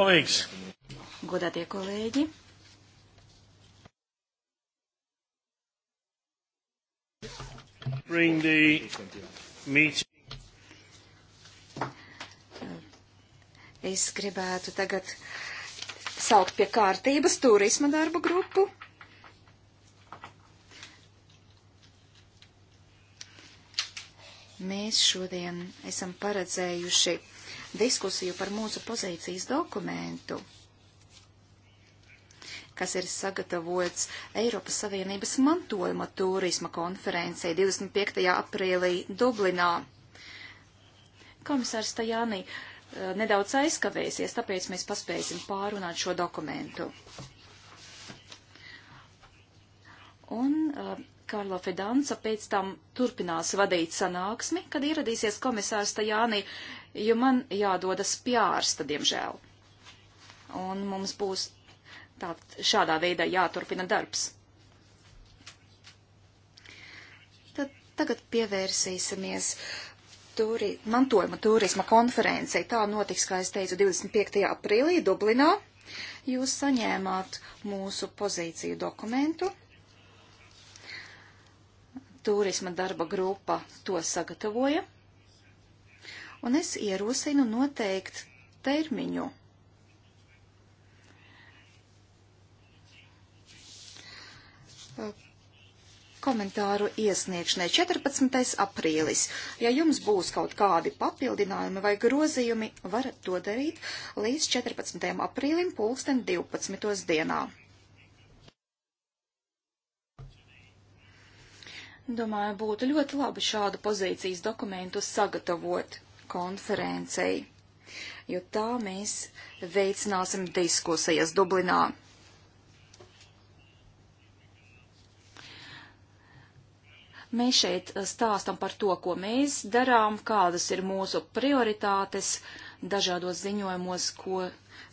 kolēģis! Godātie kolēģi! Bring the meeting. Es gribētu tagad saukt pie kārtības turisma darba grupu. Mēs šodien esam paredzējuši diskusiju par mūsu pozīcijas dokumentu, kas ir sagatavots Eiropas Savienības mantojuma turisma konferencē 25. aprīlī Dublinā. Komisārs Tajāni eh, nedaudz aizkavēsies, tāpēc mēs paspēsim pārunāt šo dokumentu. Un uh, Karlo Fedanca pēc tam turpinās vadīt sanāksmi, kad ieradīsies komisārs Tajāni jo man jādodas pjārsta, diemžēl. Un mums būs tā, šādā veidā jāturpina darbs. Tad tagad pievērsīsimies turi, mantojuma turisma konferencei. Tā notiks, kā es teicu, 25. aprīlī Dublinā. Jūs saņēmāt mūsu pozīciju dokumentu. Turisma darba grupa to sagatavoja un es ierosinu noteikt termiņu. Komentāru iesniegšanai 14. aprīlis. Ja jums būs kaut kādi papildinājumi vai grozījumi, varat to darīt līdz 14. aprīlim pulksten 12. dienā. Domāju, būtu ļoti labi šādu pozīcijas dokumentu sagatavot konferencei, jo tā mēs veicināsim diskusijas Dublinā. Mēs šeit stāstam par to, ko mēs darām, kādas ir mūsu prioritātes dažādos ziņojumos, ko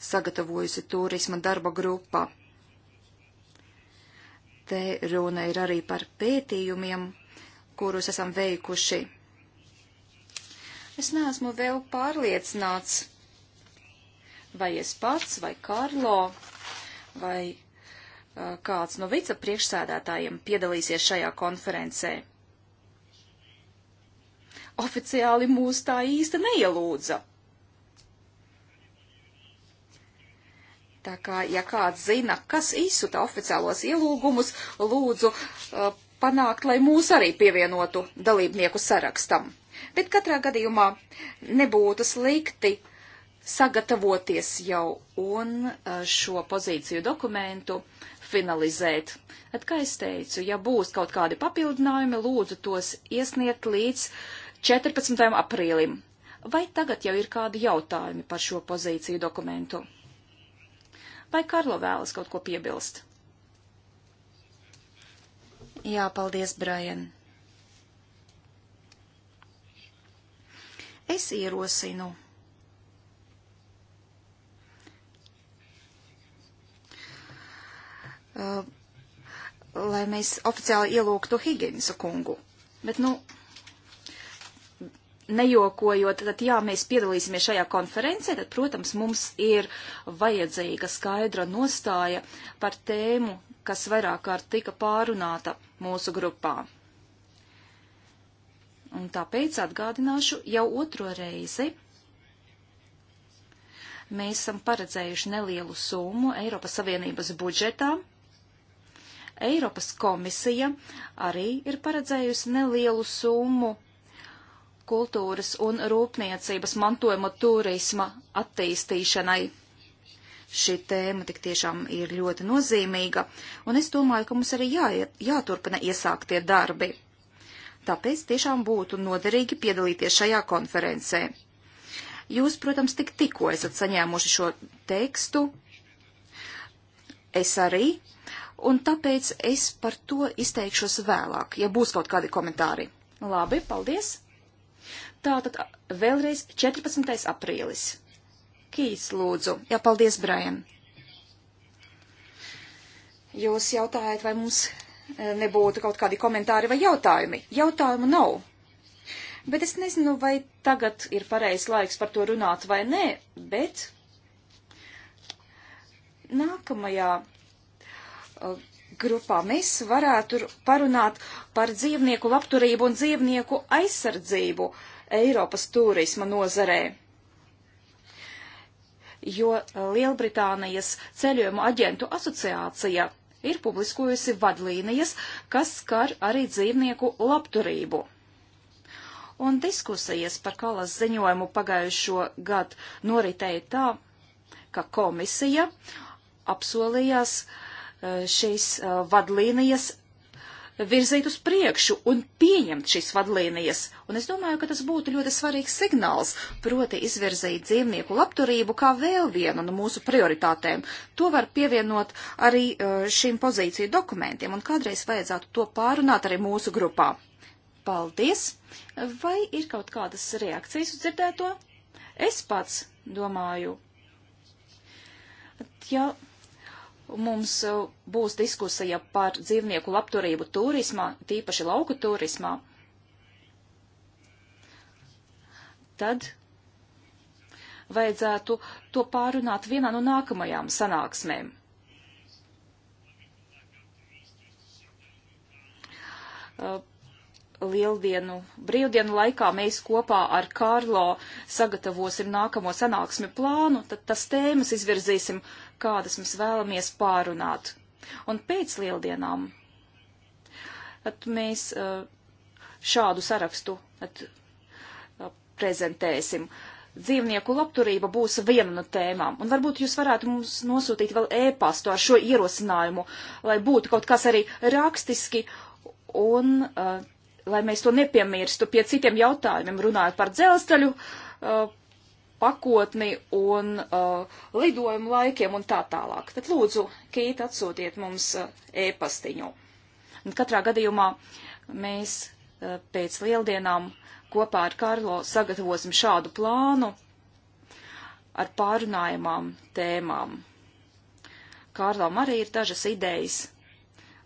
sagatavojusi turisma darba grupa. Te runa ir arī par pētījumiem, kurus esam veikuši Es neesmu vēl pārliecināts, vai es pats, vai Karlo, vai uh, kāds no vicepriekšsēdētājiem piedalīsies šajā konferencē. Oficiāli mūs tā īsti neielūdza. Tā kā, ja kāds zina, kas izsūta oficiālos ielūgumus, lūdzu uh, panākt, lai mūs arī pievienotu dalībnieku sarakstam. Bet katrā gadījumā nebūtu slikti sagatavoties jau un e, šo pozīciju dokumentu finalizēt. At, kā es teicu, ja būs kaut kādi papildinājumi, lūdzu tos iesniegt līdz 14. aprīlim. Vai tagad jau ir kādi jautājumi par šo pozīciju dokumentu? Vai Karlo vēlas kaut ko piebilst? Jā, paldies, Brian. Es ierosinu. Uh, lai mēs oficiāli ielūgtu Higginsu kungu. Bet, nu, nejokojot, tad jā, mēs piedalīsimies šajā konferencē, tad, protams, mums ir vajadzīga skaidra nostāja par tēmu, kas vairāk kārt tika pārunāta mūsu grupā. Un tāpēc atgādināšu jau otro reizi. Mēs esam paredzējuši nelielu summu Eiropas Savienības budžetā. Eiropas komisija arī ir paredzējusi nelielu summu kultūras un rūpniecības mantojuma turisma attīstīšanai šī tēma tik tiešām ir ļoti nozīmīga, un es domāju, ka mums arī jā, jāturpina iesāktie darbi. Tāpēc tiešām būtu noderīgi piedalīties šajā konferencē. Jūs, protams, tik tikko esat saņēmuši šo tekstu, es arī, un tāpēc es par to izteikšos vēlāk, ja būs kaut kādi komentāri. Labi, paldies! Tātad vēlreiz 14. aprīlis. Kīs, lūdzu. Jā, paldies, Brian. Jūs jautājat, vai mums nebūtu kaut kādi komentāri vai jautājumi. Jautājumu nav. Bet es nezinu, vai tagad ir pareizs laiks par to runāt vai nē, bet nākamajā uh, grupā mēs varētu parunāt par dzīvnieku labturību un dzīvnieku aizsardzību Eiropas turisma nozarē. Jo uh, Lielbritānijas ceļojumu aģentu asociācija ir publiskojusi vadlīnijas, kas skar arī dzīvnieku labturību. Un diskusijas par kalas ziņojumu pagājušo gadu noritēja tā, ka komisija apsolījās eh, šīs eh, vadlīnijas virzīt uz priekšu un pieņemt šīs vadlīnijas. Un es domāju, ka tas būtu ļoti svarīgs signāls, proti izvirzīt dzīvnieku labturību kā vēl vienu no mūsu prioritātēm. To var pievienot arī eh, šīm pozīciju dokumentiem, un kādreiz vajadzētu to pārunāt arī mūsu grupā. Paldies! Vai ir kaut kādas reakcijas uz dzirdēto? Es pats domāju. Ja mums e, būs diskusija par dzīvnieku labturību turismā, tīpaši lauku turismā, tad vajadzētu to pārunāt vienā no nākamajām sanāksmēm. E, Lieldienu, brīvdienu laikā mēs kopā ar Kārlo sagatavosim nākamo sanāksmi plānu, tad tas tēmas izvirzīsim, uh, kādas mēs vēlamies pārunāt. Un pēc lieldienām at, mēs eh, šādu sarakstu at, eh, prezentēsim. Dzīvnieku labturība būs viena no tēmām, un varbūt jūs varētu mums nosūtīt vēl ēpastu e ar šo ierosinājumu, lai būtu kaut kas arī rakstiski, un uh, lai mēs to nepiemirstu pie citiem jautājumiem, runājot par dzelzceļu, uh, pakotni un uh, lidojumu laikiem un tā tālāk. Tad lūdzu, Kīt, atsūtiet mums uh, e-pastiņu. Un katrā gadījumā mēs uh, pēc lieldienām kopā ar Karlo sagatavosim šādu plānu ar pārunājumām tēmām. Kārlam arī ir dažas idejas,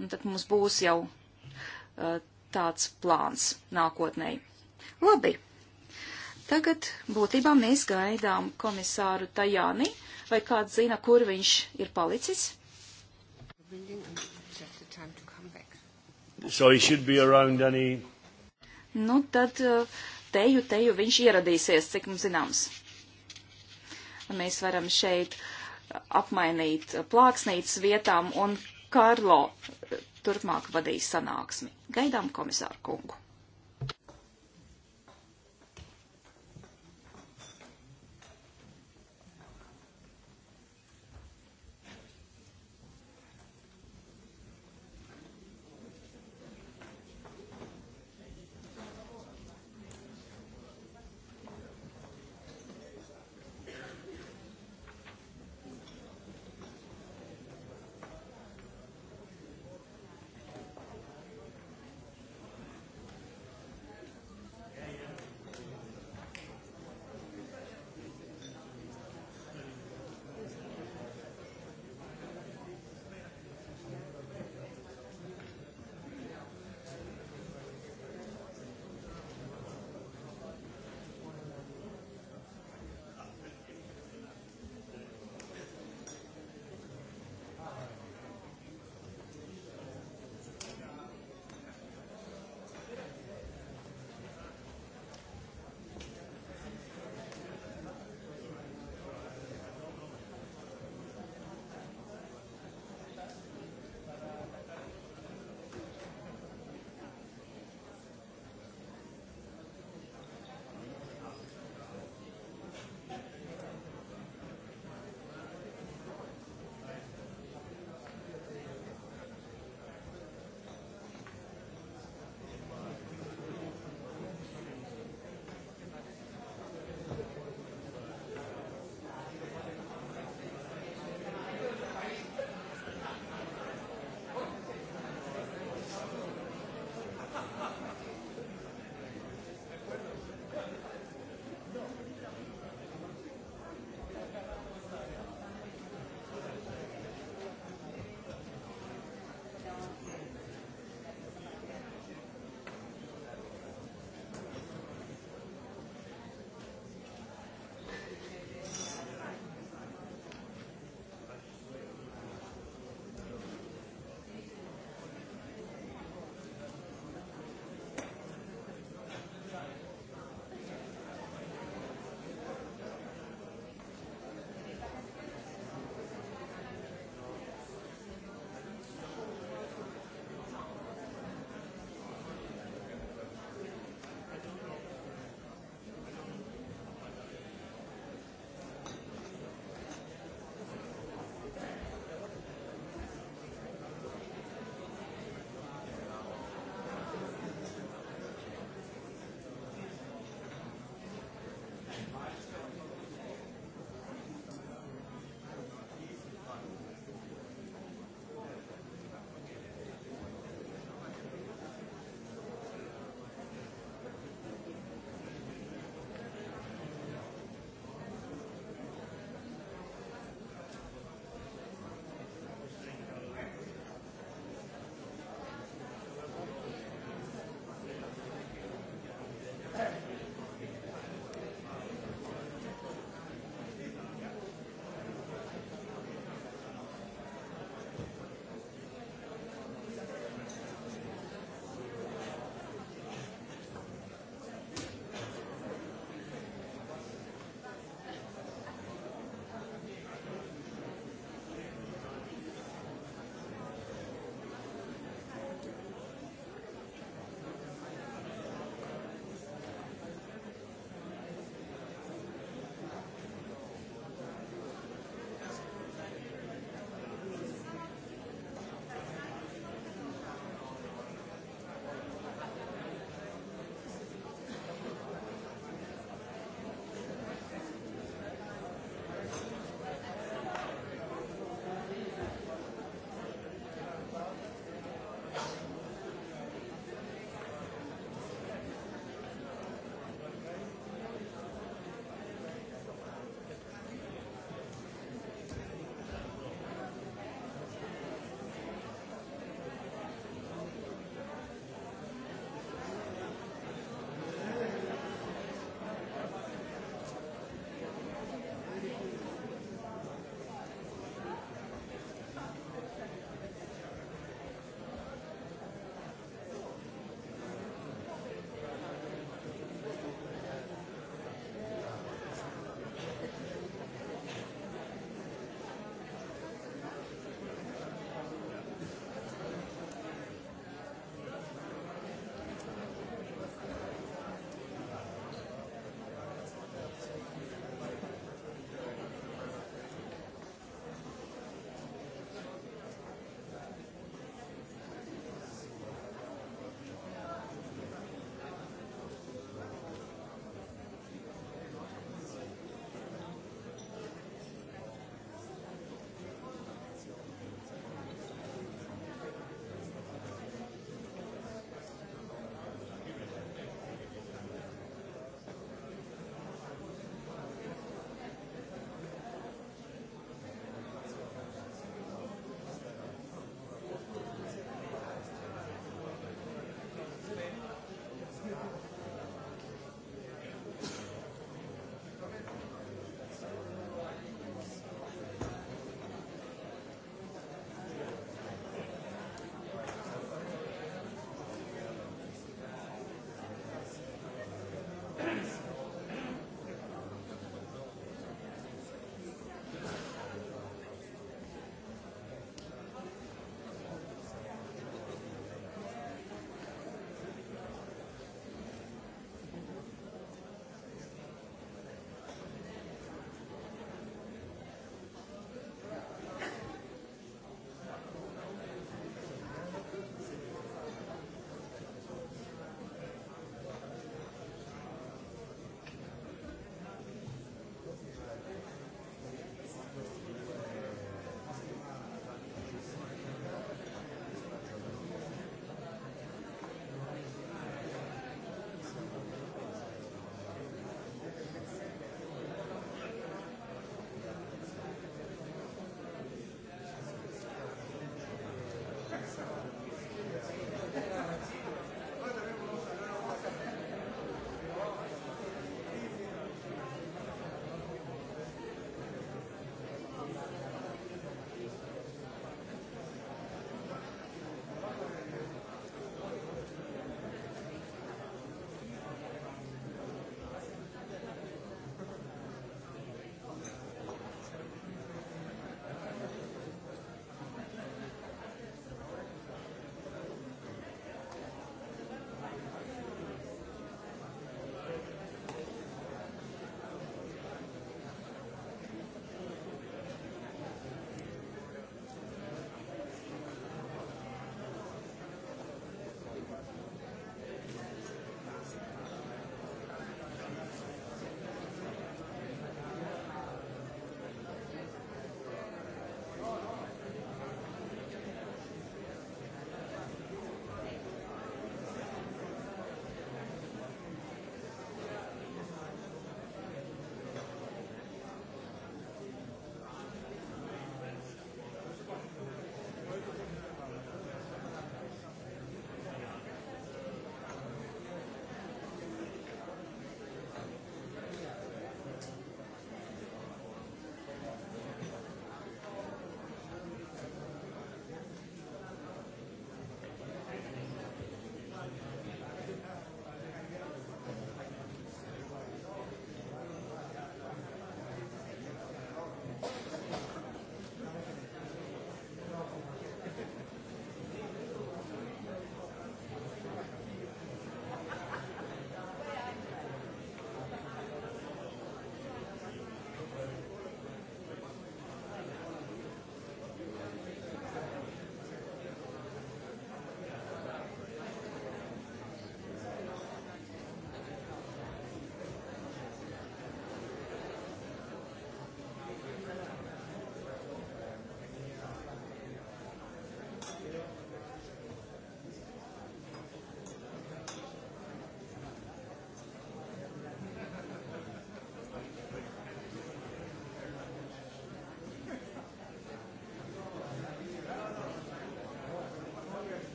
un tad mums būs jau uh, tāds plāns nākotnēji. Labi, Tagad būtībā mēs gaidām komisāru Tajāni, vai kāds zina, kur viņš ir palicis. So any... Nu, tad uh, teju, teju viņš ieradīsies, cik mums zināms. Mēs varam šeit apmainīt plāksnītas vietām, un Karlo uh, turpmāk vadīs sanāksmi. Gaidām komisāru kungu.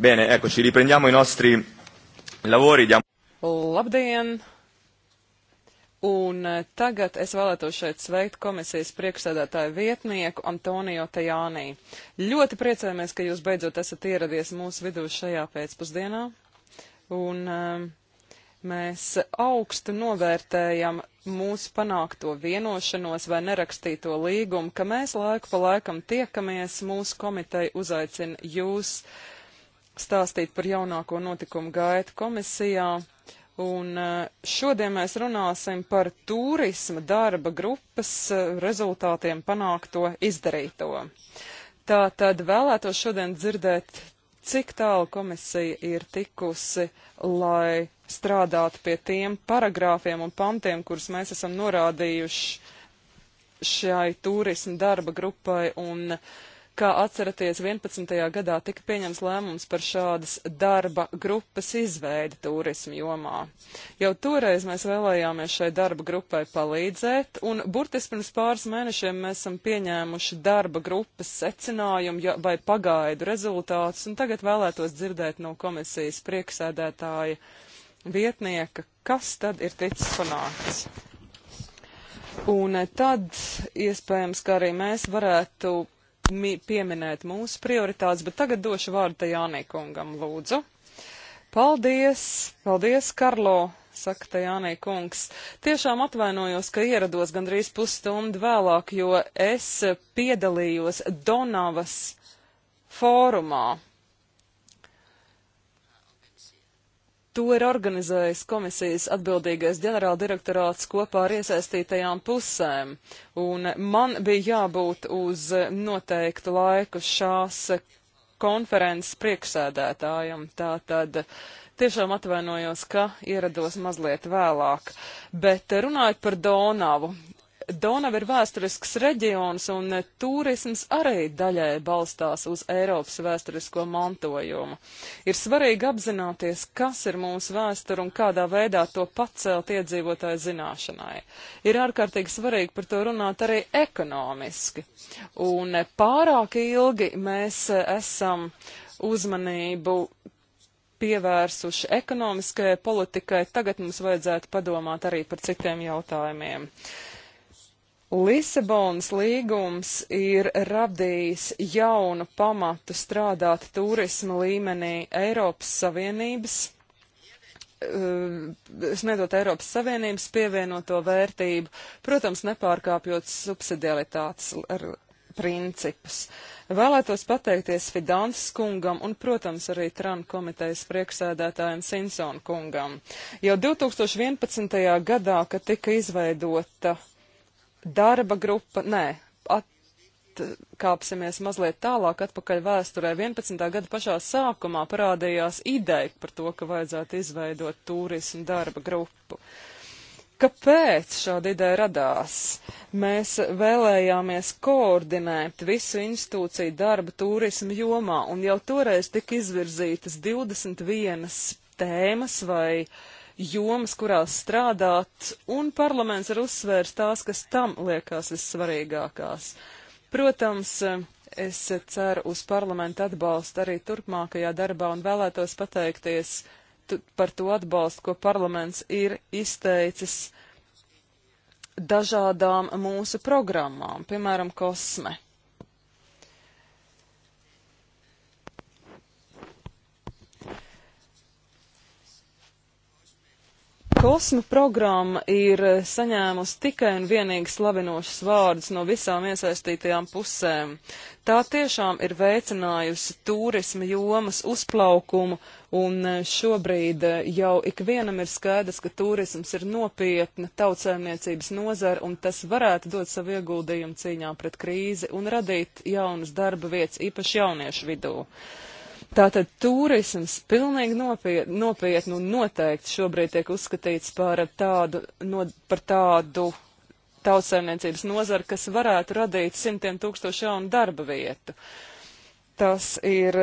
Bene, eccoci, riprendiamo i nostri lavori. Diamo... Labdien! Un tagad es vēlētos šeit sveikt komisijas priekšsēdētāju vietnieku Antonio Tajānī. Ļoti priecājamies, ka jūs beidzot esat ieradies mūsu vidū šajā pēcpusdienā. Un um, mēs augstu novērtējam mūsu panākto vienošanos vai nerakstīto līgumu, ka mēs laiku pa laikam tiekamies, mūsu komiteja uzaicina jūs. Uh, stāstīt par jaunāko notikumu gaitu komisijā. Un eh, šodien mēs runāsim par turisma darba grupas eh, rezultātiem panākto izdarīto. Tā tad vēlētos šodien dzirdēt, cik tālu komisija ir tikusi, lai strādātu pie tiem paragrāfiem un pantiem, kurus mēs esam norādījuši šai turisma darba grupai un uh, Kā atceraties, 11. gadā tika pieņems lēmums par šādas darba grupas izveidi turismu jomā. Jau toreiz mēs vēlējāmies šai darba grupai palīdzēt, un burtiski pirms pāris mēnešiem mēs esam pieņēmuši darba grupas secinājumu vai pagaidu rezultātus, un tagad vēlētos dzirdēt no komisijas prieksēdētāja vietnieka, kas tad ir ticis panākts. Un tad iespējams, ka arī mēs varētu pieminēt mūsu prioritātes, bet tagad došu vārdu Tajānī kungam, lūdzu. Paldies! Paldies, Karlo! saka Tajānai kungs. Tiešām atvainojos, ka ierados gandrīz pusstundu vēlāk, jo es piedalījos Donavas fórumā. To ir organizējis komisijas atbildīgais ģenerāldirektorāts kopā ar iesaistītajām pusēm, un man bija jābūt uz noteiktu laiku šās konferences priekšsēdētājam. Tātad tiešām atvainojos, ka ierados mazliet vēlāk. Bet runājot par Donavu, Donava ir vēsturisks reģions, un e, turisms arī daļai balstās uz Eiropas vēsturisko mantojumu. Ir svarīgi apzināties, kas ir mūsu vēsture un kādā veidā to pacelt iedzīvotāju zināšanai. Ir ārkārtīgi svarīgi par to runāt arī ekonomiski. Un e, pārāk ilgi mēs e, esam uzmanību pievērsuši ekonomiskajai politikai, tagad mums vajadzētu padomāt arī par citiem jautājumiem. Uh, Lisabonas līgums ir radījis jaunu pamatu strādāt turisma līmenī Eiropas Savienības, eh, sniedot Eiropas Savienības pievienoto vērtību, protams, nepārkāpjot subsidialitātes principus. Vēlētos pateikties Fidāns kungam un, protams, arī Tran komitejas priekšsēdētājiem Sinsona kungam. Jau 2011. gadā, kad tika izveidota darba grupa, nē, atkāpsimies mazliet tālāk atpakaļ vēsturē. 11. gada pašā sākumā parādījās ideja par to, ka vajadzētu izveidot turismu darba grupu. Kāpēc šāda ideja radās? Mēs vēlējāmies koordinēt visu institūciju darbu turismu jomā, un jau toreiz tika izvirzītas 21 tēmas vai uh, jomas, kurās strādāt, un parlaments ir uzsvērs tās, kas tam liekas vissvarīgākās. Protams, es ceru uz parlamentu atbalstu arī turpmākajā darbā un vēlētos pateikties par to atbalstu, ko parlaments ir izteicis dažādām mūsu programmām, piemēram, kosme. Kosma programma ir eh, saņēmusi tikai un vienīgi slavinošus vārdus no visām iesaistītajām pusēm. Tā tiešām ir veicinājusi turisma jomas uzplaukumu, un eh, šobrīd eh, jau ikvienam ir skaidrs, ka turisms ir nopietna tautsēmniecības nozara, un tas varētu dot savu ieguldījumu cīņā pret krīzi un radīt jaunas darba vietas, īpaši jauniešu vidū. Uh, Tātad turisms pilnīgi nopietni, nopietni un noteikti šobrīd tiek uzskatīts par tādu, no, par tādu tautsēmniecības nozaru, kas varētu radīt simtiem tūkstošu jaunu darba vietu. Tas ir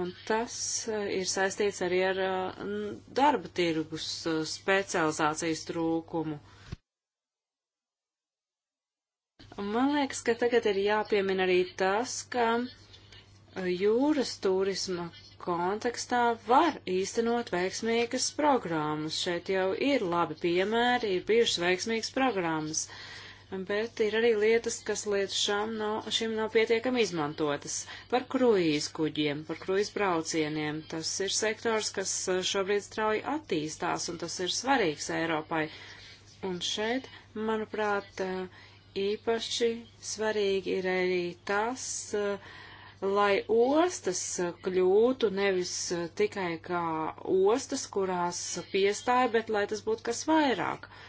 Un tas eh, ir saistīts arī ar eh, darba tirgus eh, specializācijas trūkumu. Man liekas, ka tagad ir jāpiemina arī tas, ka jūras turisma kontekstā var īstenot veiksmīgas programmas. Šeit jau ir labi piemēri, ir bijušas veiksmīgas programmas. Uh, bet ir arī lietas, kas līdz šam nav, šim nav pietiekami izmantotas. Par kruīz kuģiem, par kruīz braucieniem, tas ir sektors, kas uh, šobrīd strauji attīstās, un tas ir svarīgs Eiropai. Un šeit, manuprāt, uh, īpaši svarīgi ir arī tas, uh, lai ostas kļūtu nevis tikai kā ostas, kurās piestāja, bet lai tas būtu kas vairāk. Uh,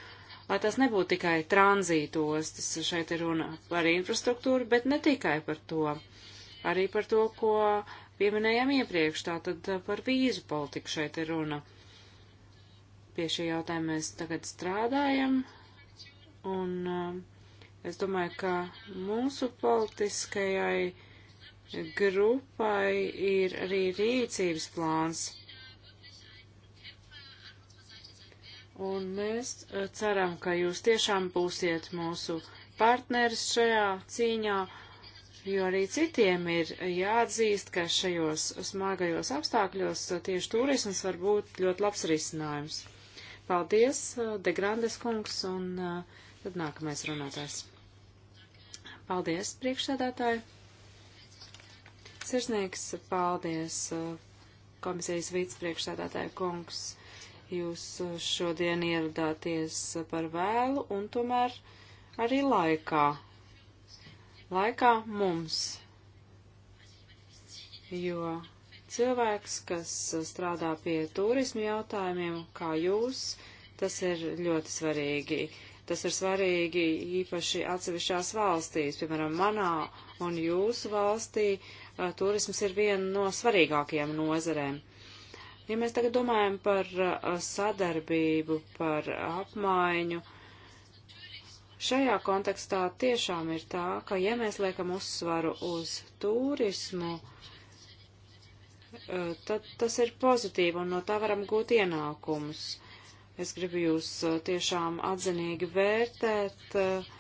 lai tas nebūtu tikai tranzītostas. Šeit ir runa par infrastruktūru, bet ne tikai par to. Arī par to, ko pieminējām iepriekš, tātad par vīzu politiku šeit ir runa. Pie šī jautājuma mēs tagad strādājam, un eh, es domāju, ka mūsu politiskajai grupai ir arī rīcības plāns Un mēs e, ceram, ka jūs tiešām būsiet mūsu partneris šajā cīņā, jo arī citiem ir jāatzīst, ka šajos smagajos apstākļos e, tieši turisms var būt ļoti labs risinājums. Paldies, e, Degrandes kungs, un tad nākamais runātājs. Paldies, priekšsēdētāji. Sirsnīgs paldies komisijas vicepriekšsēdētāja kungs Jūs eh, šodien ieradāties par vēlu un tomēr arī laikā. Laikā mums. Jo cilvēks, kas strādā pie turismu jautājumiem, kā jūs, tas ir ļoti svarīgi. Tas ir svarīgi īpaši atsevišķās valstīs, piemēram, manā un jūsu valstī eh, turisms ir viena no svarīgākajām nozerēm. Ja mēs tagad domājam par uh, sadarbību, par apmaiņu, šajā kontekstā tiešām ir tā, ka ja mēs liekam uzsvaru uz turismu, uh, tad tas ir pozitīvi un no tā varam gūt ienākumus. Es gribu jūs uh, tiešām atzinīgi vērtēt. Uh,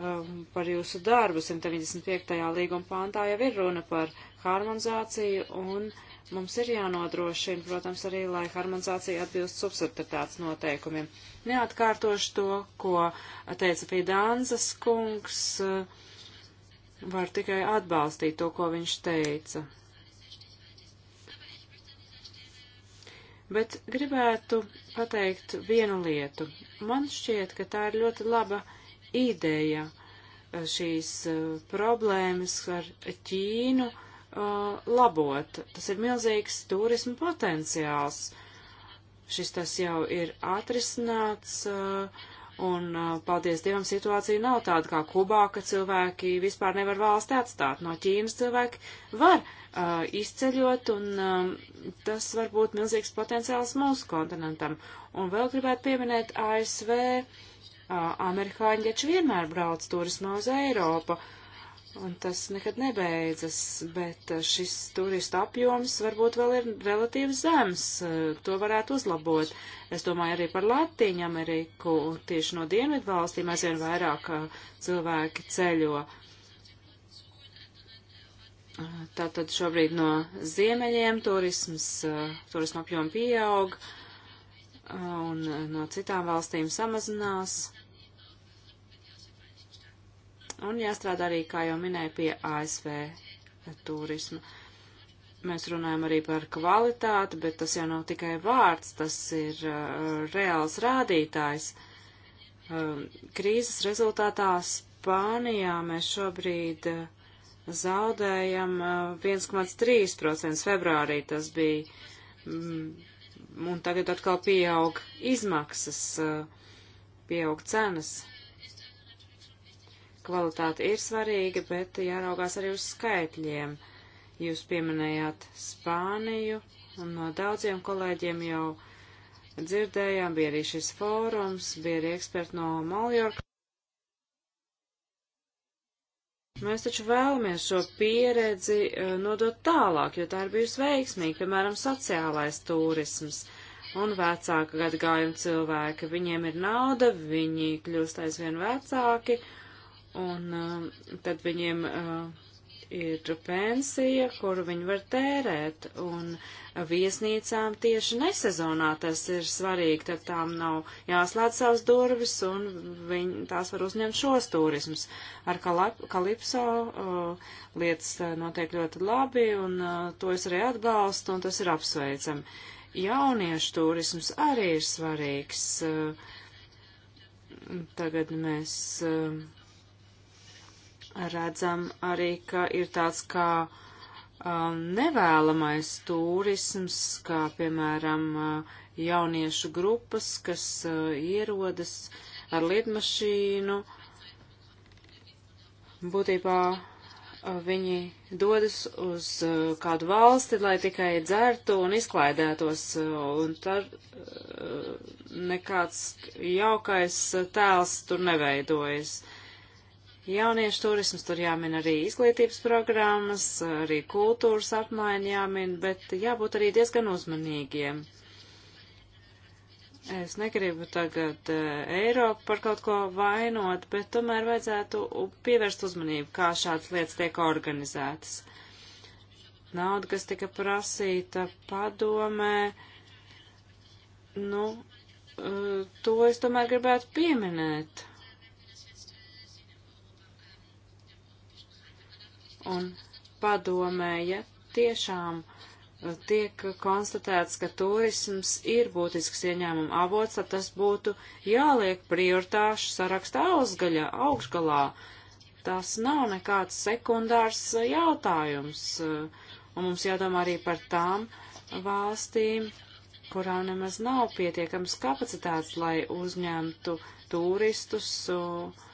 um, par jūsu darbu. 195. līguma pāntā jau ir runa par harmonizāciju, un mums ir jānodrošina, protams, arī, lai harmonizācija atbilst subsidaritātes noteikumiem. Neatkārtošu to, ko teica Pīdānzas kungs, uh, var tikai atbalstīt to, ko viņš teica. bet gribētu pateikt vienu lietu. Man šķiet, ka tā ir ļoti laba ideja eh, šīs eh, problēmas ar Ķīnu uh, labot. Tas ir milzīgs turismu potenciāls. Šis tas jau ir atrisināts. Uh, Un, paldies Dievam, situācija nav tāda kā Kubā, ka cilvēki vispār nevar valsti atstāt. No Ķīnas cilvēki var uh, izceļot, un um, tas var būt milzīgs potenciāls mūsu kontinentam. Un vēl gribētu pieminēt ASV. Uh, amerikāņi taču vienmēr brauc turismā uz Eiropu, un tas nekad nebeidzas, bet šis turistu apjoms varbūt vēl ir relatīvi zems, to varētu uzlabot. Es domāju arī par Latīņu Ameriku, tieši no dienvidu valstīm aizvien vairāk cilvēki ceļo. Tātad šobrīd no ziemeļiem turisms, turisma apjoma pieaug. Uh, un eh, no citām valstīm samazinās. Un jāstrādā arī, kā jau minēju, pie ASV turisma. Mēs runājam arī par kvalitāti, bet tas jau nav tikai vārds, tas ir uh, reāls rādītājs. Uh, krīzes rezultātā Spānijā mēs šobrīd uh, zaudējam 1,3% februārī. Tas bija mm, un tagad atkal pieaug izmaksas, eh, pieaug cenas. Kvalitāte ir svarīga, bet jāraugās arī uz skaitļiem. Jūs pieminējāt Spāniju, un no daudziem kolēģiem jau dzirdējām, bija arī šis fórums, bija arī eksperti no Maljorka. Mēs taču vēlamies šo pieredzi uh, nodot tālāk, jo tā ir bijusi veiksmīga, piemēram, sociālais turisms. Un vecāka gadgājuma cilvēki, viņiem ir nauda, viņi kļūst aizvien vecāki, un uh, tad viņiem uh, ir pensija, kuru viņi var tērēt, un viesnīcām tieši nesezonā tas ir svarīgi, tad tām nav jāslēdz savas durvis, un viņi tās var uzņemt šos turismus. Ar kalipso uh, lietas e, notiek ļoti labi, un uh, to es arī atbalstu, un tas ir apsveicami. Jauniešu turisms arī ir svarīgs. Uh, tagad mēs. Uh, redzam arī, ka ir tāds kā um, nevēlamais turisms, kā piemēram uh, jauniešu grupas, kas uh, ierodas ar lidmašīnu. Būtībā uh, viņi dodas uz uh, kādu valsti, lai tikai dzertu un izklaidētos, un tad nekāds jaukais tēls tur neveidojas jauniešu turismas, tur jāmin arī izglītības programmas, arī kultūras apmaiņa jāmin, bet jābūt arī diezgan uzmanīgiem. Es negribu tagad eh, Eiropu par kaut ko vainot, bet tomēr vajadzētu pievērst uzmanību, kā šādas lietas tiek organizētas. Nauda, kas tika prasīta padomē, nu, eh, to es tomēr gribētu pieminēt. un padomēja tiešām uh, tiek konstatēts, ka turisms ir būtisks ieņēmuma avots, tad tas būtu jāliek prioritāšu sarakstā augšgaļā, augšgalā. Tas nav nekāds sekundārs uh, jautājums, uh, un mums jādomā arī par tām valstīm, kurām nemaz nav pietiekams kapacitāts, lai uzņemtu turistus. Uh,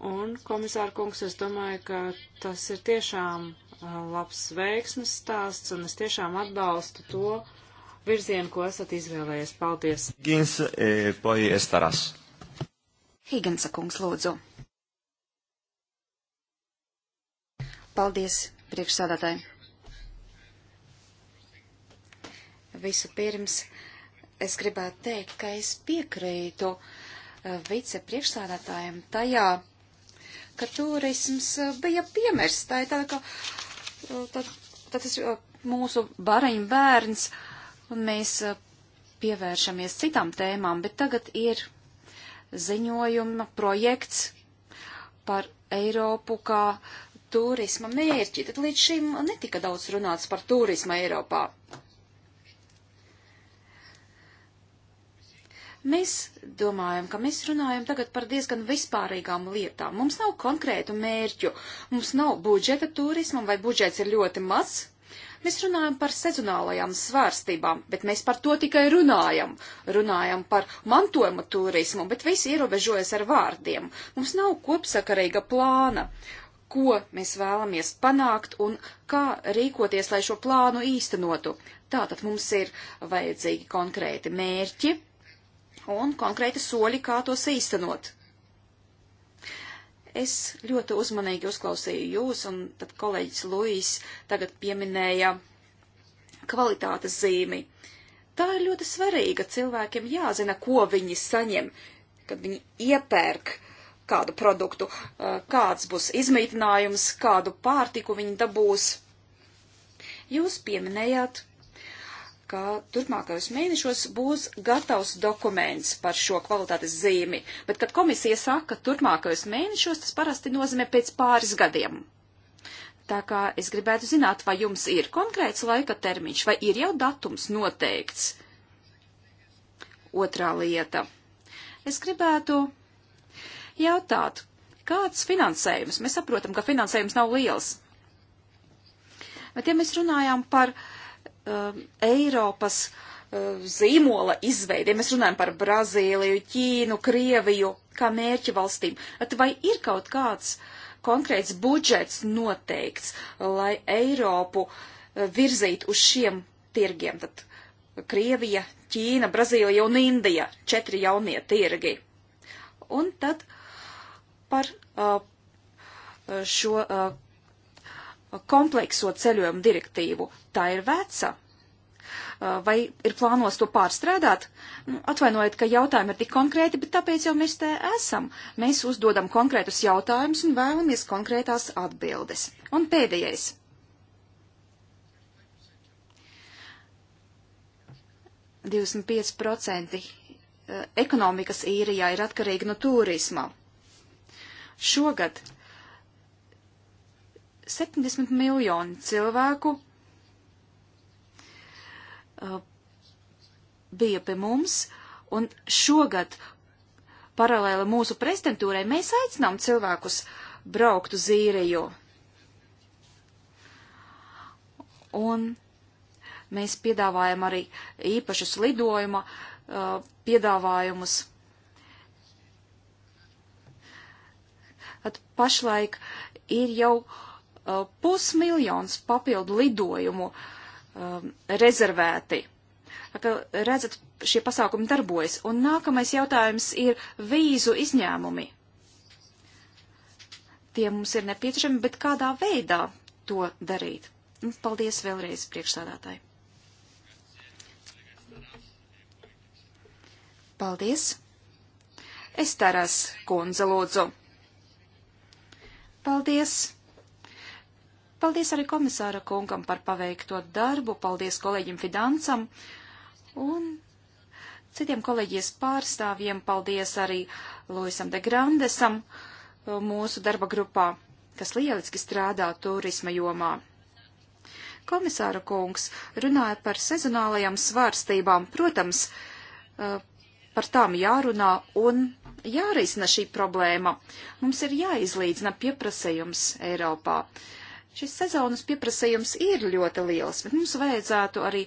Un, komisāra kungs, es domāju, ka tas ir tiešām uh, labs veiksmes stāsts, un es tiešām atbalstu to virzienu, ko esat izvēlējies. Paldies! Higgins, e, poi estaras. Higginsa kungs, lūdzu. Paldies, priekšsādātāji. Visu pirms es gribētu teikt, ka es piekrītu uh, vicepriekšsādātājiem tajā, ka turisms eh, bija piemērs. Tā ir tāda, ka tā, tā tas eh, mūsu bareņu bērns, un mēs eh, pievēršamies citām tēmām, bet tagad ir ziņojuma projekts par Eiropu kā turisma mērķi. Tad līdz šim netika daudz runāts par turismu Eiropā. Mēs domājam, ka mēs runājam tagad par diezgan vispārīgām lietām. Mums nav konkrētu mērķu, mums nav budžeta turismam vai budžets ir ļoti mazs. Mēs runājam par sezonālajām svārstībām, bet mēs par to tikai runājam. Runājam par mantojuma turismu, bet viss ierobežojas ar vārdiem. Mums nav kopsakarīga plāna, ko mēs vēlamies panākt un kā rīkoties, lai šo plānu īstenotu. Tātad mums ir vajadzīgi konkrēti mērķi, un konkrēti soļi, kā tos īstenot. Es ļoti uzmanīgi uzklausīju jūs, un tad kolēģis Luīs tagad pieminēja kvalitātes zīmi. Tā ir ļoti svarīga. Cilvēkiem jāzina, ko viņi saņem, kad viņi iepērk kādu produktu, eh, kāds būs izmītinājums, kādu pārtiku viņi dabūs. Jūs pieminējāt ka turpmākajos mēnešos būs gatavs dokuments par šo kvalitātes zīmi, bet kad komisija saka turpmākajos mēnešos, tas parasti nozīmē pēc pāris gadiem. Tā kā es gribētu zināt, vai jums ir konkrēts laika termiņš, vai ir jau datums noteikts. Otrā lieta. Es gribētu jautāt, kāds finansējums? Mēs saprotam, ka finansējums nav liels. Bet ja mēs runājām par uh, um, Eiropas um, zīmola izveidi, ja mēs runājam par Brazīliju, Ķīnu, Krieviju, kā mērķi valstīm, at vai ir kaut kāds konkrēts budžets noteikts, lai Eiropu uh, virzītu uz šiem tirgiem, tad Krievija, Ķīna, Brazīlija un Indija, četri jaunie tirgi. Un tad par uh, uh šo uh, komplekso ceļojumu direktīvu. Tā ir veca. Uh, vai ir plānos to pārstrādāt? Nu, atvainojiet, ka jautājumi ir tik konkrēti, bet tāpēc jau mēs te esam. Mēs uzdodam konkrētus jautājumus un vēlamies konkrētās atbildes. Un pēdējais. Divdesmit pieci procenti uh, ekonomikas īrijā ir atkarīga no turisma. Šogad 70 miljoni cilvēku uh, bija pie mums, un šogad paralēli mūsu prezidentūrai mēs aicinām cilvēkus braukt uz īriju. Un mēs piedāvājam arī īpašus lidojuma uh, piedāvājumus. At pašlaik ir jau uh, Uh, pusmiljons papildu lidojumu um, rezervēti. Kā redzat, šie pasākumi darbojas. Un nākamais jautājums ir vīzu izņēmumi. Tie mums ir nepieciešami, bet kādā veidā to darīt? Un nu, paldies vēlreiz priekšsādātāji. Paldies. Estaras kundze lūdzu. Paldies. Paldies arī komisāra kungam par paveikto darbu, paldies kolēģim Fidansam un citiem kolēģijas pārstāvjiem, paldies arī Luisam de Grandesam uh, mūsu darba grupā, kas lieliski strādā turisma jomā. Komisāra kungs runāja par sezonālajām svārstībām, protams, uh, par tām jārunā un jārisina šī problēma. Mums ir jāizlīdzina pieprasējums Eiropā. Šis sezonas pieprasījums ir ļoti liels, bet mums vajadzētu arī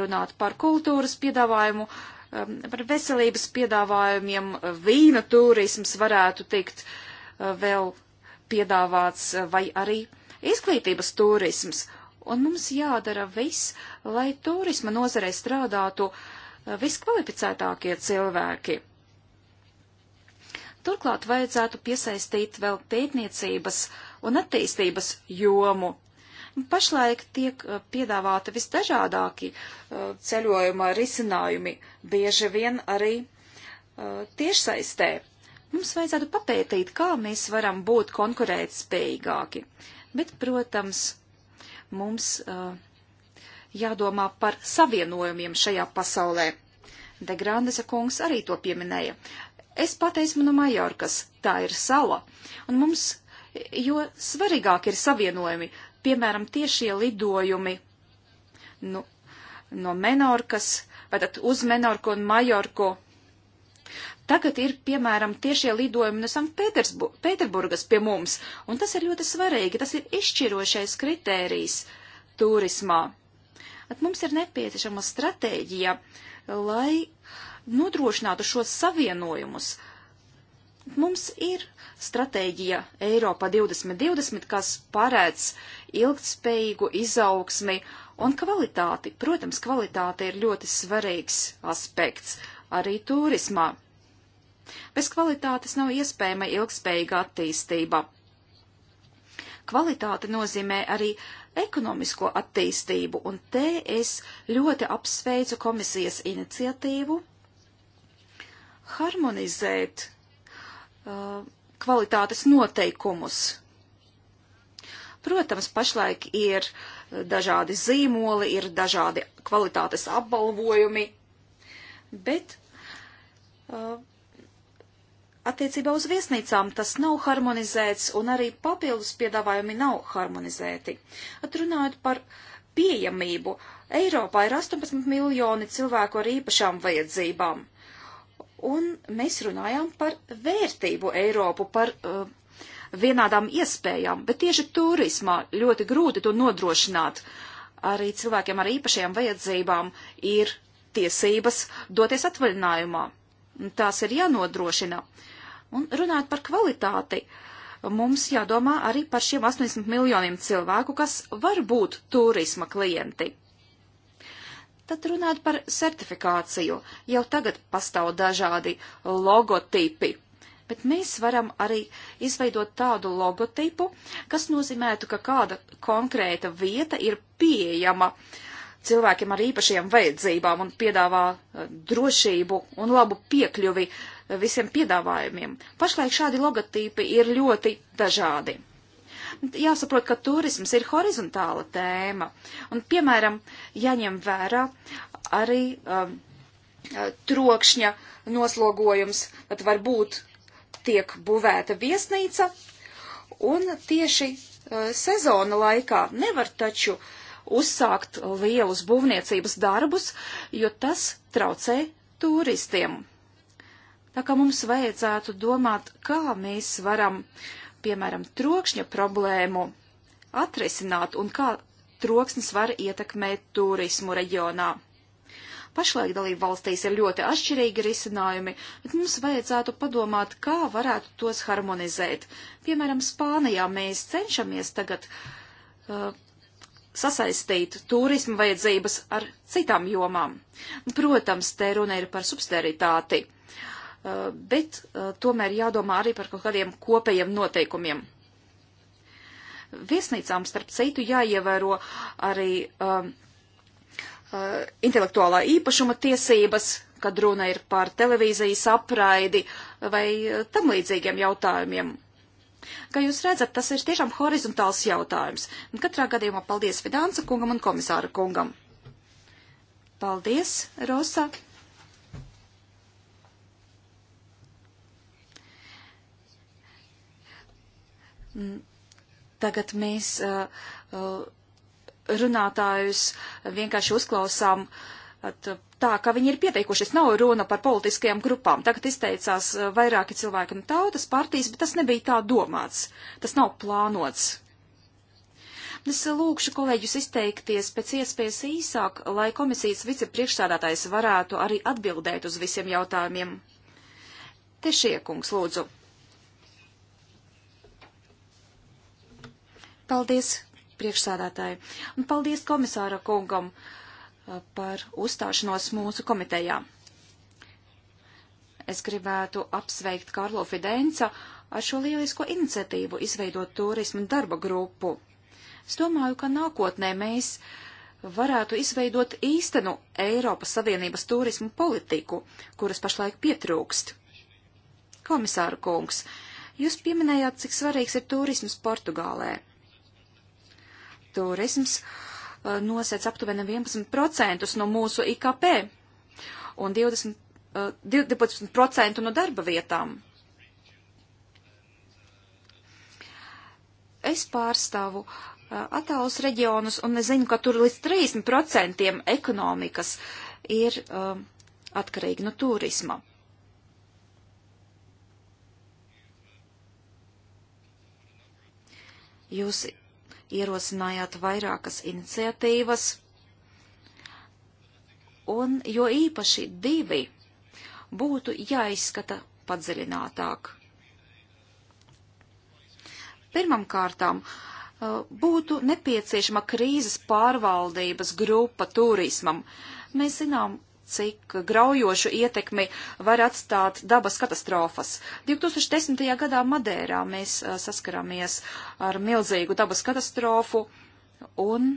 runāt par kultūras piedāvājumu, um, par veselības piedāvājumiem, vīna turisms varētu tikt uh, vēl piedāvāts uh, vai arī izglītības turisms. Un mums jādara viss, lai turisma nozarē strādātu uh, viskvalificētākie cilvēki. Turklāt vajadzētu piesaistīt vēl pētniecības uh, un attīstības jomu. Pašlaik tiek eh, piedāvāta visdažādākie eh, ceļojuma risinājumi, bieži vien arī eh, tiešsaistē. Mums vajadzētu papētīt, kā mēs varam būt konkurētspējīgāki. Bet, protams, mums jādomā par savienojumiem šajā pasaulē. De Grandesa kungs arī to pieminēja. Es pat esmu no Majorkas, tā ir sala, un mums jo svarīgāk ir savienojumi, piemēram, tiešie lidojumi nu, no Menorkas, vai tad uz Menorku un Majorku. Tagad ir, piemēram, tiešie lidojumi no Sanktpēterburgas pie mums, un tas ir ļoti svarīgi, tas ir izšķirošais kritērijs turismā. At mums ir nepieciešama stratēģija, lai nodrošinātu šos savienojumus, uh, Mums ir stratēģija Eiropa 2020, kas paredz ilgtspējīgu izaugsmi un kvalitāti. Protams, kvalitāte ir ļoti svarīgs aspekts arī turismā. Bez kvalitātes nav iespējama ilgspējīga attīstība. Kvalitāte nozīmē arī ekonomisko attīstību, un te es ļoti apsveicu komisijas iniciatīvu harmonizēt Uh, kvalitātes noteikumus. Protams, pašlaik ir dažādi zīmoli, ir dažādi kvalitātes apbalvojumi, bet uh, attiecībā uz viesnīcām tas nav harmonizēts un arī papildus piedāvājumi nav harmonizēti. Atrunājot par pieejamību, Eiropā ir 18 miljoni cilvēku ar īpašām vajadzībām un mēs runājām par vērtību Eiropu, par uh, vienādām iespējām, bet tieši turismā ļoti grūti to nodrošināt. Arī cilvēkiem ar īpašajām vajadzībām ir tiesības doties atvaļinājumā. Tās ir jānodrošina. Un runājot par kvalitāti, mums jādomā arī par šiem 80 miljoniem cilvēku, kas var būt turisma klienti. Tad runāt par certifikāciju. Jau tagad pastāv dažādi logotipi, bet mēs varam arī izveidot tādu logotipu, kas nozīmētu, ka kāda konkrēta vieta ir pieejama cilvēkiem ar īpašiem vajadzībām un piedāvā eh, drošību un labu piekļuvi eh, visiem piedāvājumiem. Pašlaik šādi logotipi ir ļoti dažādi. Jāsaprot, ka turisms ir horizontāla tēma. Un, piemēram, jaņem vērā arī um, trokšņa noslogojums, tad var būt tiek būvēta viesnīca, un tieši uh, sezona laikā nevar taču uzsākt lielus būvniecības darbus, jo tas traucē turistiem. Tā kā mums vajadzētu domāt, kā mēs varam uh, piemēram, trokšņa problēmu atrisināt un kā troksnis var ietekmēt turismu reģionā. Pašlaik dalību valstīs ir ļoti atšķirīgi risinājumi, bet mums vajadzētu padomāt, kā varētu tos harmonizēt. Piemēram, Spānijā mēs cenšamies tagad uh, sasaistīt turismu vajadzības ar citām jomām. Protams, te runa ir par subsidiaritāti. Uh, Eh, bet eh, tomēr jādomā arī par kaut kādiem kopējiem noteikumiem. Viesnīcām starp citu jāievēro arī um, uh, intelektuālā īpašuma tiesības, kad runa ir par televīzijas apraidi vai tam līdzīgiem jautājumiem. Kā jūs redzat, tas ir tiešām horizontāls jautājums. Un katrā gadījumā paldies Fidansa kungam un komisāra kungam. Paldies, Rosa! Mm. Tagad mēs uh, uh, runātājus vienkārši uzklausām uh, tā, ka viņi ir pieteikušies. Nav runa par politiskajām grupām. Tagad izteicās vairāki cilvēki no tautas partijas, bet tas nebija tā domāts. Tas nav plānots. Es lūkšu kolēģus izteikties pēc iespējas īsāk, lai komisijas vicepriekšstādātājs varētu arī atbildēt uz visiem jautājumiem. Tešiekungs, lūdzu. Paldies priekšsādātāji. Un paldies komisāra kungam uh, par uzstāšanos mūsu komitejā. Es gribētu apsveikt Karlo Fidenca ar šo lielisko iniciatīvu izveidot turismu darba grupu. Es domāju, ka nākotnē mēs varētu izveidot īstenu Eiropas Savienības turismu politiku, kuras pašlaik pietrūkst. Komisāra kungs, jūs pieminējāt, cik svarīgs ir turisms Portugālē turisms uh, nosēc aptuveni 11% no mūsu IKP un 20, 12% uh, no darba vietām. Es pārstāvu uh, attālus reģionus un es zinu, ka tur līdz 30% ekonomikas ir um, atkarīgi no turisma. Jūs ierosinājāt vairākas iniciatīvas, un jo īpaši divi būtu jāizskata padziļinātāk. Pirmam kārtām uh, būtu nepieciešama krīzes pārvaldības grupa turismam. Mēs zinām, cik graujošu ietekmi var atstāt dabas katastrofas. 2010. gadā Madērā mēs saskaramies ar milzīgu dabas katastrofu un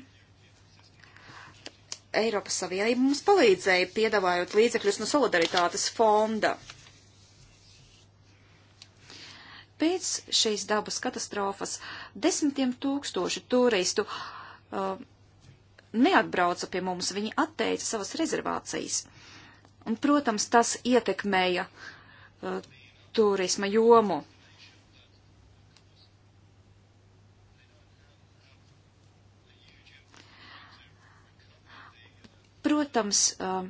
Eiropas Savienība mums palīdzēja piedāvājot līdzekļus no solidaritātes fonda. Pēc šīs dabas katastrofas desmitiem tūkstoši turistu uh, neatbrauca pie mums, viņi atteica savas rezervācijas. Un, protams, tas ietekmēja uh, turisma jomu. Protams, uh,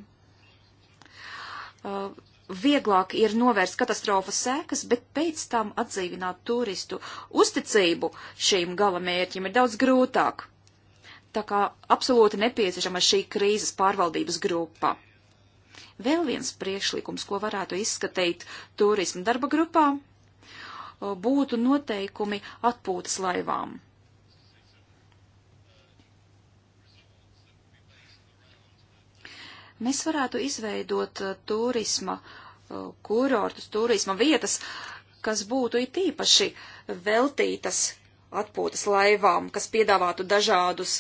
uh, vieglāk ir novērst katastrofas sēkas, bet pēc tam atdzīvināt turistu uzticību šīm galamērķim ir daudz grūtāk. Tā kā absolūti nepieciešama šī krīzes pārvaldības grupa. Vēl viens priekšlikums, ko varētu izskatīt turismu darba grupā, būtu noteikumi atpūtas laivām. mēs varētu izveidot turisma kurortus, turisma vietas, kas būtu it īpaši veltītas atpūtas laivām, kas piedāvātu dažādus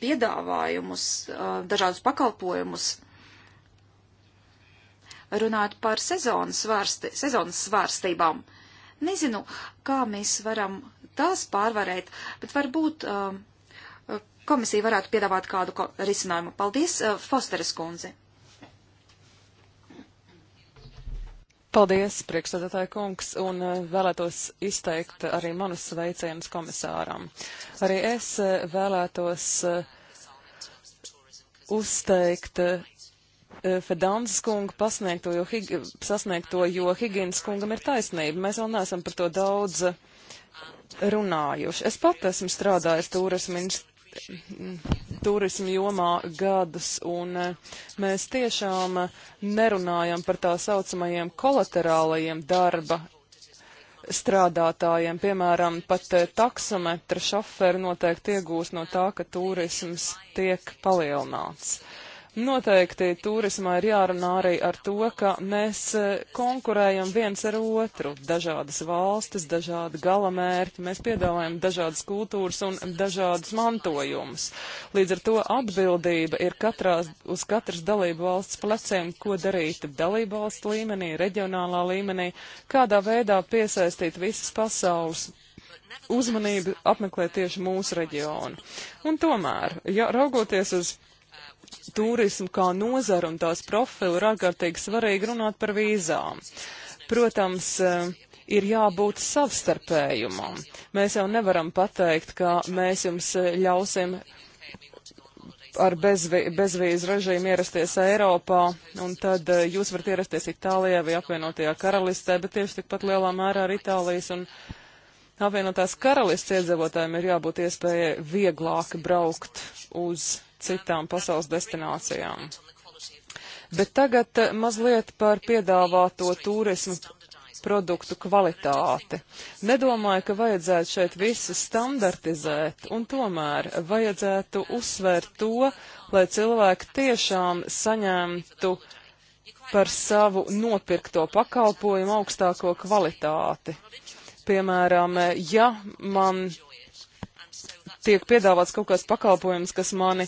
piedāvājumus, dažādus pakalpojumus. Runāt par sezonas, svārsti, sezonas svārstībām. Nezinu, kā mēs varam tās pārvarēt, bet varbūt komisija varētu piedāvāt kādu risinājumu. Paldies, Fosteres kundze! Paldies, priekšsēdētāja kungs, un eh, vēlētos izteikt arī manus sveicienus komisāram. Arī es eh, vēlētos eh, uzteikt Fedanzas kunga pasniegto, jo, higi, sasniegto, jo Higgins kungam ir taisnība. Mēs vēl neesam par to daudz runājuši. Es pat esmu strādājis turismu turismu jomā gadus, un e, mēs tiešām e, nerunājam par tā saucamajiem kolaterālajiem darba strādātājiem. Piemēram, pat e, taksometra šoferi noteikti iegūs no tā, ka turisms tiek palielināts. Uh, Noteikti turismā ir jārunā arī ar to, ka mēs e, konkurējam viens ar otru. Dažādas valstis, dažādi galamērķi, mēs piedāvājam dažādas kultūras un dažādus mantojumus. Līdz ar to atbildība ir katrās, uz katras dalību valsts pleciem, ko darīt dalību valsts līmenī, reģionālā līmenī, kādā veidā piesaistīt visas pasaules uzmanību apmeklēt tieši mūsu reģionu. Un tomēr, ja raugoties uz turismu kā nozaru un tās profilu ir ārkārtīgi svarīgi runāt par vīzām. Protams, eh, ir jābūt savstarpējumam. Mēs jau nevaram pateikt, ka mēs jums eh, ļausim ar bezvī, bezvīzu režīmu ierasties Eiropā, un tad eh, jūs varat ierasties Itālijā vai apvienotajā karalistē, bet tieši tikpat lielā mērā ar Itālijas un apvienotās karalists iedzīvotājiem ir jābūt iespējai vieglāk braukt uz citām pasaules destinācijām. Bet tagad eh, mazliet par piedāvāto turismu produktu kvalitāti. Nedomāju, ka vajadzētu šeit visu standartizēt, un tomēr vajadzētu uzsvērt to, lai cilvēki tiešām saņemtu par savu nopirkto pakalpojumu augstāko kvalitāti. Piemēram, ja man tiek piedāvāts kaut kāds pakalpojums, kas mani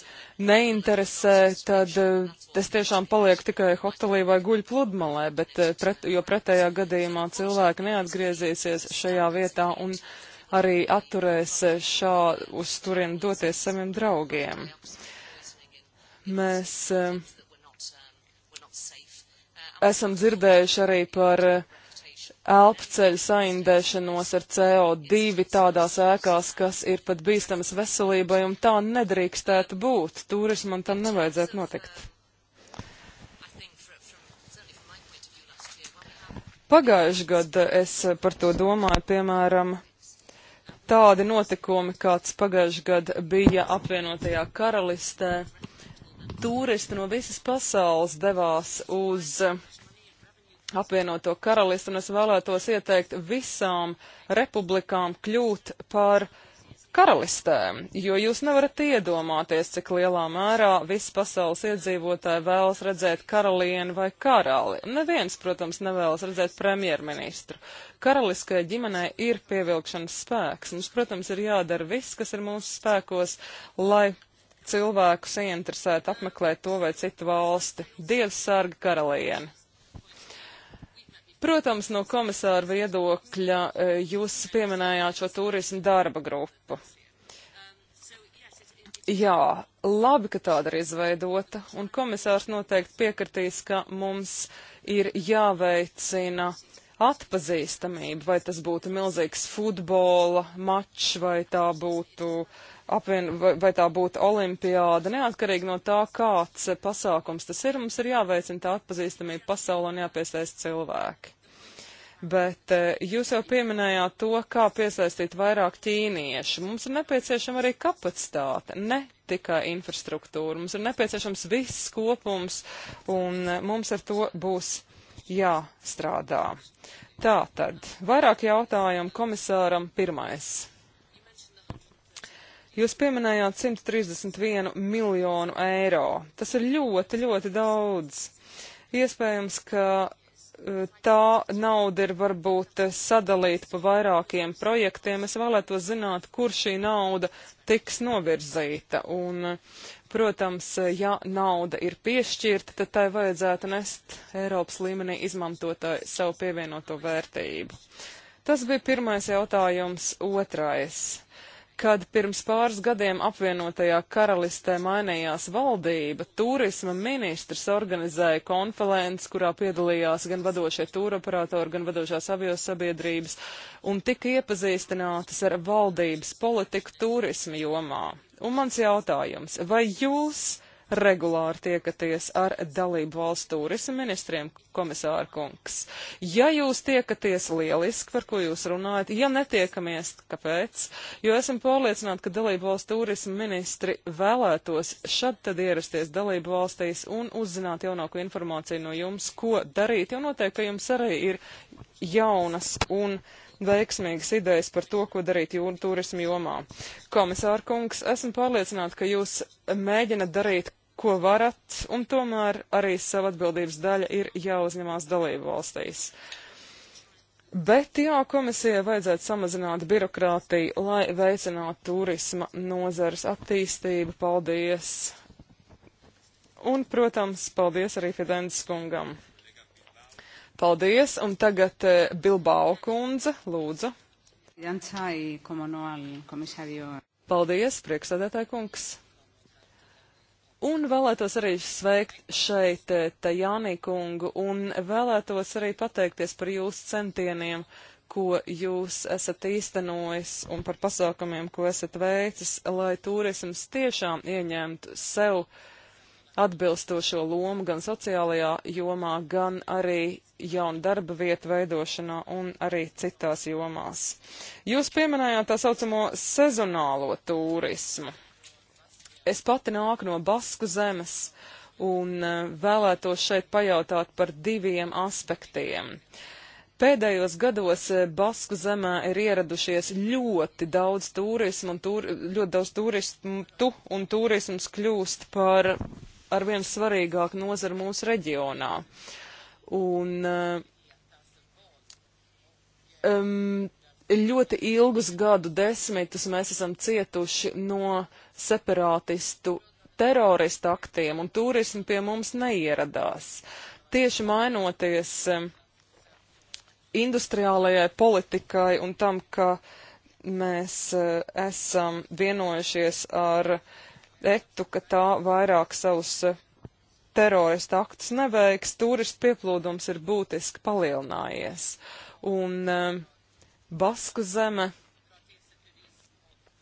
neinteresē, tad eh, es tiešām palieku tikai hotelī vai guļu pludmalē, bet, eh, pret, jo pretējā gadījumā cilvēki neatgriezīsies šajā vietā un arī atturēs eh, šā uz turien doties saviem draugiem. Mēs esam dzirdējuši arī par uh, elpceļu saindēšanos ar CO2 tādās ēkās, kas ir pat bīstamas veselībai, un tā nedrīkstētu būt. Turismam tam nevajadzētu notikt. Pagājuši gadu es par to domāju, piemēram, tādi notikumi, kāds pagājuši gadu bija apvienotajā karalistē. Tūristi no visas pasaules devās uz uh, apvienoto karalistu, un es vēlētos ieteikt visām republikām kļūt par karalistēm, jo jūs nevarat iedomāties, cik lielā mērā viss pasaules iedzīvotāji vēlas redzēt karalieni vai karali. Neviens, protams, nevēlas redzēt premjerministru. Karaliskajai ģimenei ir pievilkšanas spēks. Mums, protams, ir jādara viss, kas ir mūsu spēkos, lai cilvēkus ieinteresētu apmeklēt to vai citu valsti. Dievs sarga karalieni! Protams, no komisāra viedokļa e, jūs pieminējāt šo turismu darba grupu. Jā, labi, ka tāda ir izveidota, un komisārs noteikti piekritīs, ka mums ir jāveicina atpazīstamība, vai tas būtu milzīgs futbola mačs, vai tā būtu uh, apvien, vai, vai tā būtu olimpiāda, neatkarīgi no tā, kāds eh, pasākums tas ir, mums ir jāveicina tā atpazīstamība pasaulē un jāpiesaist cilvēki. Bet eh, jūs jau pieminējāt to, kā piesaistīt vairāk ķīniešu. Mums ir nepieciešama arī kapacitāte, ne tikai infrastruktūra. Mums ir nepieciešams viss kopums, un eh, mums ar to būs jāstrādā. Tātad, vairāk jautājumu komisāram pirmais. Jūs pieminējāt 131 miljonu eiro. Tas ir ļoti, ļoti daudz. Iespējams, ka eh, tā nauda ir varbūt eh, sadalīta pa vairākiem projektiem. Es vēlētos zināt, kur šī nauda tiks novirzīta. Un, protams, ja nauda ir piešķirta, tad tai vajadzētu nest Eiropas līmenī izmantotāju eh, savu pievienoto vērtību. Tas bija pirmais jautājums. Otrais Kad pirms pāris gadiem apvienotajā karalistē mainījās valdība, turisma ministrs organizēja konferences, kurā piedalījās gan vadošie tūroperatori, gan vadošās aviosabiedrības, un tika iepazīstinātas ar valdības politiku turisma jomā. Un mans jautājums, vai jūs regulāri tiekaties ar dalību valstu turismu ministriem, komisāra kungs. Ja jūs tiekaties lieliski, par ko jūs runājat, ja netiekamies, kāpēc? Jo esam pārliecināti, ka dalību valstu turismu ministri vēlētos šad tad ierasties dalību valstīs un uzzināt jaunāko informāciju no jums, ko darīt, jo noteikti, ka jums arī ir jaunas un veiksmīgas idejas par to, ko darīt jūra turismu jomā. Komisāra kungs, esmu pārliecināta, ka jūs mēģinat darīt, ko varat, un tomēr arī sava atbildības daļa ir jāuzņemās dalību valstīs. Bet jā, komisijai vajadzētu samazināt birokrātiju, lai veicinātu turisma nozares attīstību. Paldies! Un, protams, paldies arī Fidens kungam. Paldies, un tagad eh, Bilbao kundze, lūdzu. Paldies, priekšsēdētāji kungs. Un vēlētos arī sveikt šeit eh, Tajānī kungu un vēlētos arī pateikties par jūsu centieniem, ko jūs esat īstenojis un par pasākumiem, ko esat veicis, lai turisms tiešām ieņemtu sev uh, atbilstošo lomu gan sociālajā jomā, gan arī jaunu darba vietu veidošanā un arī citās jomās. Jūs pieminējāt tā saucamo sezonālo turismu. Es pati nāku no Basku zemes un e, vēlētos šeit pajautāt par diviem aspektiem. Pēdējos gados e, Basku zemē ir ieradušies ļoti daudz turismu un tūri, ļoti daudz turistu un turisms kļūst par arvien svarīgāka nozara mūsu reģionā. Un um, ļoti ilgus gadu desmitus mēs esam cietuši no separātistu teroristu aktiem, un turismi pie mums neieradās. Tieši mainoties um, industriālajai politikai un tam, ka mēs uh, esam vienojušies ar uh, etu, ka tā vairāk savus eh, terorista aktus neveiks, turistu pieplūdums ir būtiski palielinājies. Un um, Basku zeme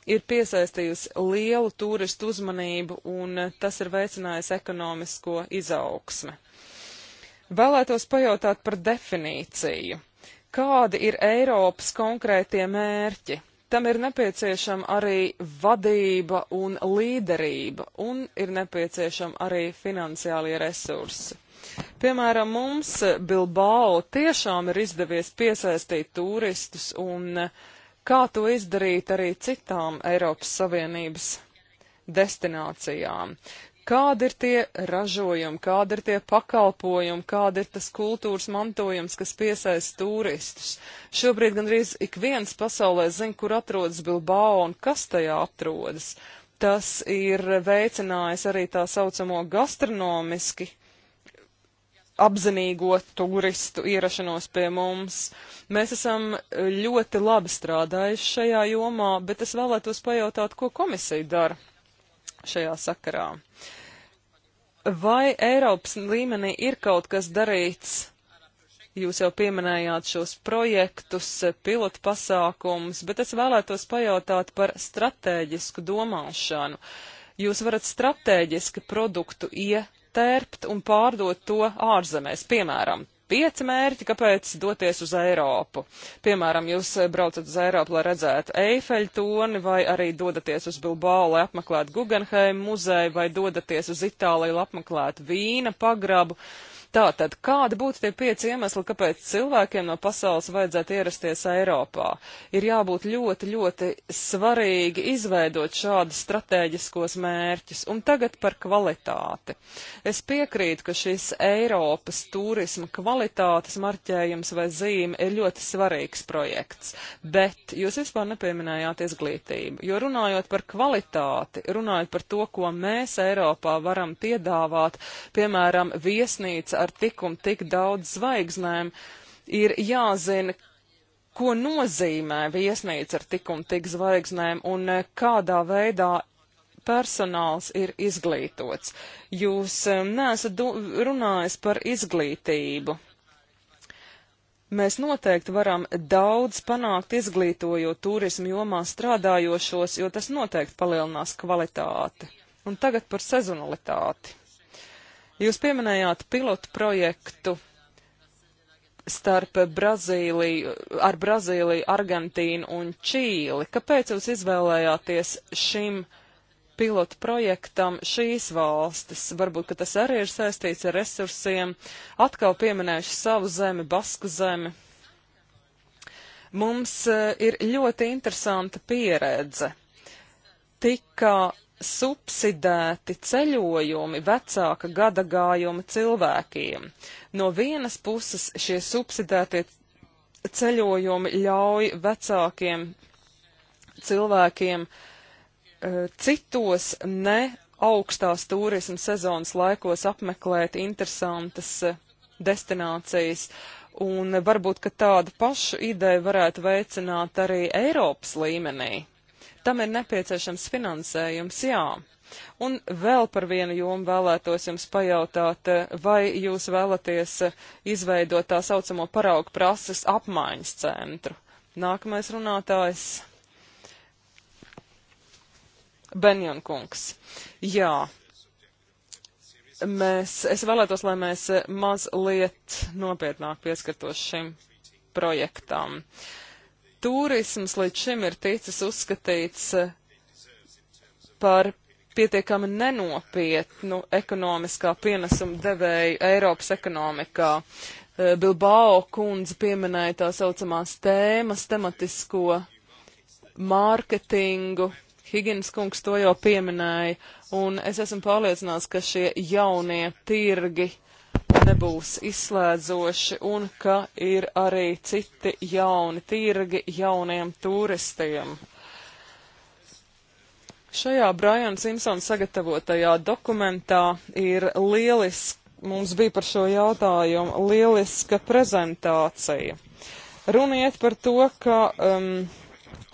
ir piesaistījusi lielu turistu uzmanību, un eh, tas ir veicinājis ekonomisko izaugsmi. Vēlētos pajautāt par definīciju. Kādi ir Eiropas konkrētie mērķi? Tam ir nepieciešama arī vadība un līderība, un ir nepieciešama arī finansiālie resursi. Piemēram, mums Bilbao tiešām ir izdevies piesaistīt turistus, un kā to izdarīt arī citām Eiropas Savienības destinācijām kādi ir tie ražojumi, kādi ir tie pakalpojumi, kāda ir tas kultūras mantojums, kas piesaista turistus. Šobrīd gandrīz ik viens pasaulē zina, kur atrodas Bilbao un kas tajā atrodas. Tas ir veicinājis arī tā saucamo gastronomiski apzinīgo turistu ierašanos pie mums. Mēs esam ļoti labi strādājuši šajā jomā, bet es vēlētos pajautāt, ko komisija dara šajā sakarā. Vai Eiropas līmenī ir kaut kas darīts? Jūs jau pieminējāt šos projektus, pilotu pasākumus, bet es vēlētos pajautāt par stratēģisku domāšanu. Jūs varat stratēģiski produktu ietērpt un pārdot to ārzemēs, piemēram, pieci mērķi, kāpēc doties uz Eiropu. Piemēram, jūs braucat uz Eiropu, lai redzētu Eifeļtoni, vai arī dodaties uz Bilbao, lai apmeklētu Guggenheim muzeju, vai dodaties uz Itāliju, lai apmeklētu Vīna pagrabu. Uh, Tātad, kādi būtu tie pieci iemesli, kāpēc cilvēkiem no pasaules vajadzētu ierasties Eiropā? Ir jābūt ļoti, ļoti svarīgi izveidot šādus strateģiskos mērķus. Un tagad par kvalitāti. Es piekrītu, ka šis Eiropas turisma kvalitātes marķējums vai zīme ir ļoti svarīgs projekts, bet jūs vispār nepieminējāt izglītību, jo runājot par kvalitāti, runājot par to, ko mēs Eiropā varam piedāvāt, piemēram, viesnīca ar tik un tik daudz zvaigznēm, ir jāzina, ko nozīmē viesnīca ar tik un tik zvaigznēm un eh, kādā veidā personāls ir izglītots. Jūs eh, neesat runājis par izglītību. Mēs noteikti varam daudz panākt izglītojot turismu jomā strādājošos, jo tas noteikti palielinās kvalitāti. Un tagad par sezonalitāti. Jūs pieminējāt pilotu projektu starp Brazīliju, ar Brazīliju, Argentīnu un Čīli. Kāpēc jūs izvēlējāties šim pilotu projektam šīs valstis? Varbūt, ka tas arī ir saistīts ar resursiem. Atkal pieminēšu savu zemi, Basku zemi. Mums eh, ir ļoti interesanta pieredze. Tika subsidēti ceļojumi vecāka gadagājuma cilvēkiem. No vienas puses šie subsidētie ceļojumi ļauj vecākiem cilvēkiem uh, citos ne augstās turisma sezonas laikos apmeklēt interesantas uh, destinācijas. Un varbūt, ka tādu pašu ideju varētu veicināt arī Eiropas līmenī. Tam ir nepieciešams finansējums, jā. Un vēl par vienu jomu vēlētos jums pajautāt, eh, vai jūs vēlaties eh, izveidot tā saucamo paraugu prases apmaiņas centru. Nākamais runātājs. Benjankungs. Jā. Mēs, es vēlētos, lai mēs eh, mazliet nopietnāk pieskartos šim projektam. Uh, turisms līdz šim ir ticis uzskatīts eh, par pietiekami nenopietnu ekonomiskā pienesuma devēju Eiropas ekonomikā. Eh, Bilbao kundze pieminēja tā saucamās tēmas, tematisko mārketingu, Higgins kungs to jau pieminēja, un es esmu pārliecināts, ka šie jaunie tirgi nebūs izslēdzoši un ka ir arī citi jauni tirgi jauniem turistiem. Šajā Brian Simpson sagatavotajā dokumentā ir lieliski, mums bija par šo jautājumu lieliska prezentācija. Runiet par to, ka um,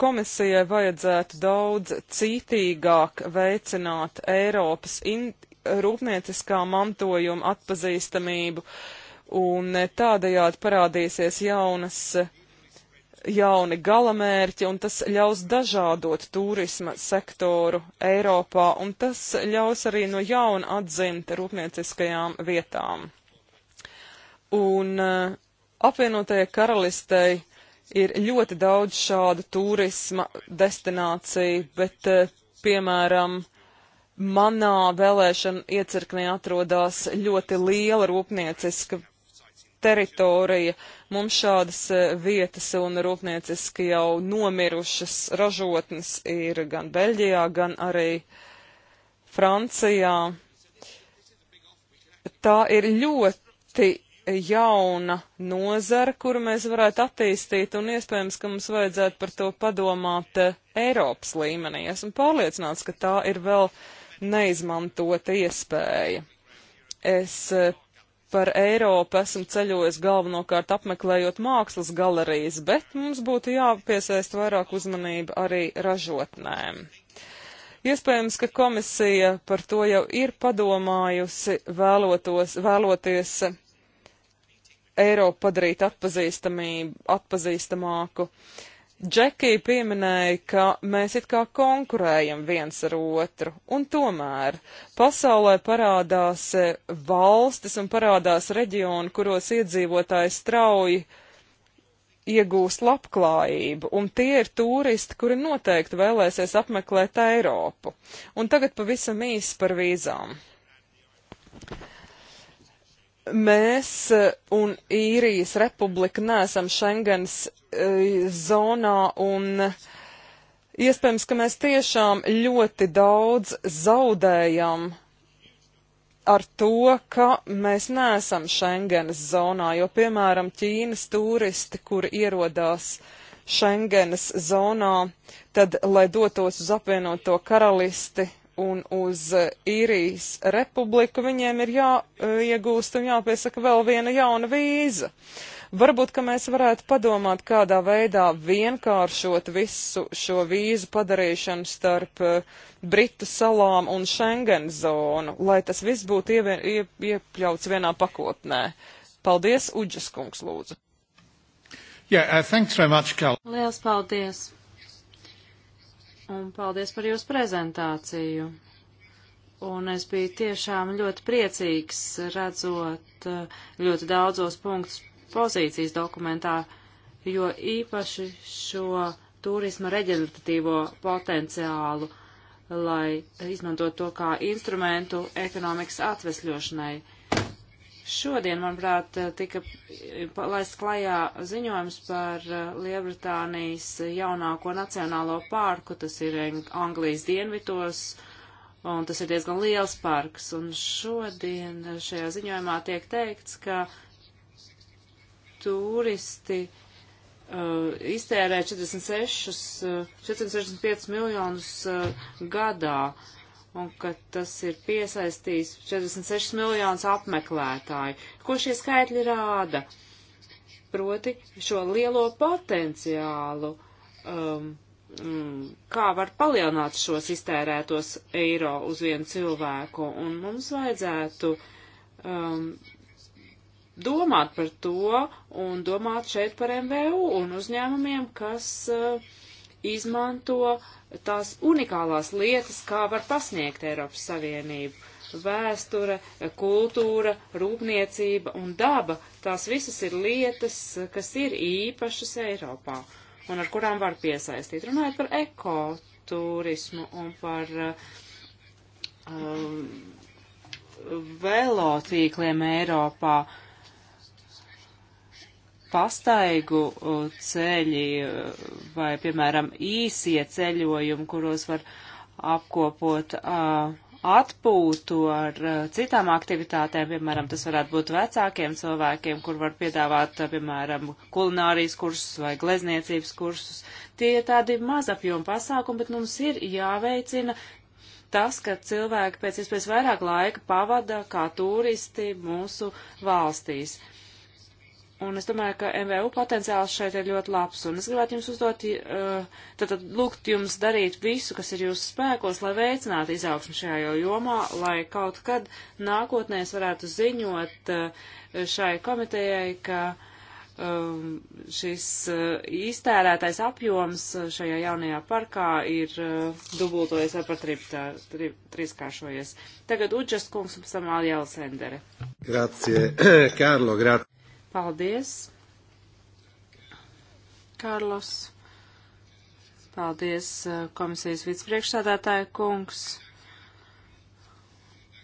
komisijai vajadzētu daudz cītīgāk veicināt Eiropas in rūpnieciskā mantojuma atpazīstamību, un tādējādi parādīsies jaunas, jauni galamērķi, un tas ļaus dažādot turisma sektoru Eiropā, un tas ļaus arī no jauna atzimt rūpnieciskajām vietām. Un eh, apvienotajai karalistei ir ļoti daudz šādu turisma destināciju, bet, eh, piemēram, manā vēlēšana iecirknē atrodas ļoti liela rūpnieciska teritorija. Mums šādas e, vietas un rūpnieciski jau nomirušas ražotnes ir gan Beļģijā, gan arī Francijā. Tā ir ļoti jauna nozara, kuru mēs varētu attīstīt, un iespējams, ka mums vajadzētu par to padomāt e, Eiropas līmenī. Esmu pārliecināts, ka tā ir vēl uh, neizmantota iespēja. Es eh, par Eiropu esmu ceļojis galvenokārt apmeklējot mākslas galerijas, bet mums būtu jāpiesaist vairāk uzmanību arī ražotnēm. Iespējams, ka komisija par to jau ir padomājusi, vēlotos, vēloties Eiropu padarīt atpazīstamāku. Džekija pieminēja, ka mēs it kā konkurējam viens ar otru, un tomēr pasaulē parādās e, valstis un parādās reģioni, kuros iedzīvotāji strauji iegūst labklājību, un tie ir turisti, kuri noteikti vēlēsies apmeklēt Eiropu. Un tagad pavisam īsi par vīzām mēs e, un īrijas republika neesam Schengens Eh, zonā un iespējams, ka mēs tiešām ļoti daudz zaudējam ar to, ka mēs neesam Schengenas zonā, jo, piemēram, Ķīnas turisti, kuri ierodās Schengenas zonā, tad, lai dotos uz apvienoto karalisti un uz īrijas eh, republiku, viņiem ir jāiegūst eh, un jāpiesaka vēl viena jauna vīza. Uh, Varbūt, ka mēs varētu padomāt, kādā veidā vienkāršot visu šo vīzu padarīšanu starp eh, Britu salām un Schengen zonu, lai tas viss būtu ievien, ie, iekļauts vienā pakotnē. Paldies, Uģas kungs, lūdzu. Yeah, uh, thanks very much, Cal. Liels paldies. Un paldies par jūsu prezentāciju. Un es biju tiešām ļoti priecīgs redzot eh, ļoti daudzos punktus, pozīcijas dokumentā, jo īpaši šo turisma reģeneratīvo potenciālu, lai izmantot to kā instrumentu ekonomikas atvesļošanai. Šodien, manuprāt, tika laists klajā ziņojums par eh, Liebritānijas jaunāko nacionālo parku. Tas ir Anglijas dienvitos, un tas ir diezgan liels parks. Un šodien eh, šajā ziņojumā tiek teikts, ka turisti uh, iztērē 46, uh, 465 miljonus uh, gadā, un ka tas ir piesaistījis 46 miljonus apmeklētāju. Ko šie skaitļi rāda? Proti šo lielo potenciālu, um, um, kā var palielināt šos iztērētos eiro uz vienu cilvēku, un mums vajadzētu um, domāt par to un domāt šeit par MVU un uzņēmumiem, kas uh, izmanto tās unikālās lietas, kā var pasniegt Eiropas Savienību. Vēsture, kultūra, rūpniecība un daba - tās visas ir lietas, kas ir īpašas Eiropā un ar kurām var piesaistīt. Runājot par ekoturismu un par um, velotīkliem Eiropā, uh, pastaigu ceļi vai, piemēram, īsie ceļojumi, kuros var apkopot atpūtu ar citām aktivitātēm, piemēram, tas varētu būt vecākiem cilvēkiem, kur var piedāvāt, piemēram, kulinārijas kursus vai glezniecības kursus. Tie ir tādi mazapjoma pasākumi, bet mums ir jāveicina tas, ka cilvēki pēc iespējas vairāk laika pavada kā turisti mūsu valstīs. Uh, Un es domāju, ka MVU potenciāls šeit ir ļoti labs. Un es gribētu jums uzdot, tātad uh, lūgt jums darīt visu, kas ir jūsu spēkos, lai veicinātu izaugsmu šajā jomā, lai kaut kad nākotnē es varētu ziņot uh, šai komitejai, ka um, šis uh, iztērētais apjoms šajā jaunajā parkā ir dubultojies vai pat trīskāršojies. Tagad Uģas kungs un pēc tam Aljāla Sendere. Grazie, Kārlo, grazie. Paldies, Kārlos. Paldies, eh, komisijas vicepriekšsādātāja kungs.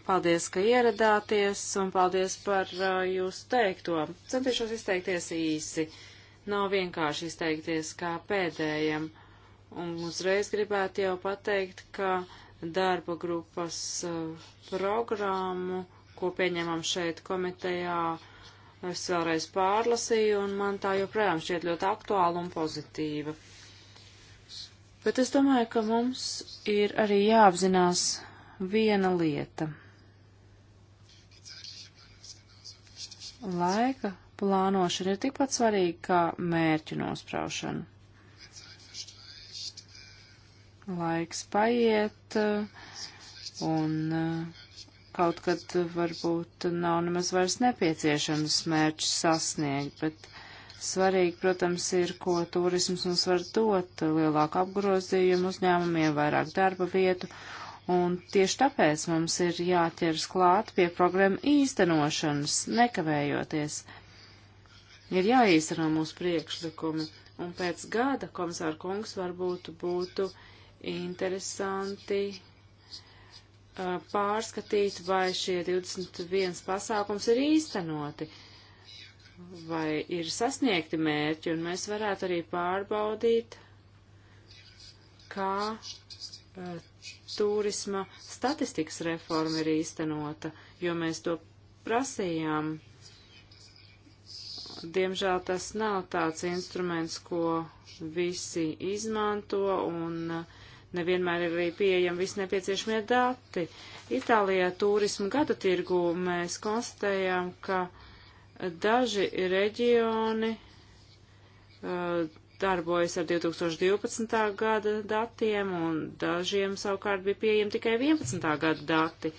Paldies, ka ieradāties un paldies par uh, jūsu teikto. Centīšos izteikties īsi. Nav vienkārši izteikties kā pēdējiem. Un uzreiz gribētu jau pateikt, ka darba grupas uh, programmu, ko pieņemam šeit komitejā, uh, Es vēlreiz pārlasīju, un man tā joprojām šķiet ļoti aktuāla un pozitīva. Bet es domāju, ka mums ir arī jāapzinās viena lieta. Laika plānošana ir tikpat svarīga kā mērķu nospraušana. Laiks paiet, uh, un uh, kaut kad varbūt nav nemaz vairs nepieciešams mērķus sasniegt, bet svarīgi, protams, ir, ko turisms mums var dot - lielāku apgrozījumu uzņēmumiem, vairāk darba vietu, un tieši tāpēc mums ir jāķers klāt pie programmu īstenošanas, nekavējoties. Ir jāīsteno mūsu priekšlikumi, un pēc gada, komisāra kungs, varbūt būtu interesanti Uh, pārskatīt, vai šie 21 pasākums ir īstenoti, vai ir sasniegti mērķi, un mēs varētu arī pārbaudīt, kā uh, turisma statistikas reforma ir īstenota, jo mēs to prasījām. Diemžēl tas nav tāds instruments, ko visi izmanto, un uh, nevienmēr ir arī pieejami visi nepieciešamie dati. Itālijā turismu gada tirgu mēs konstatējām, ka daži reģioni uh, darbojas ar 2012. gada datiem, un dažiem savukārt bija pieejami tikai 11. gada dati.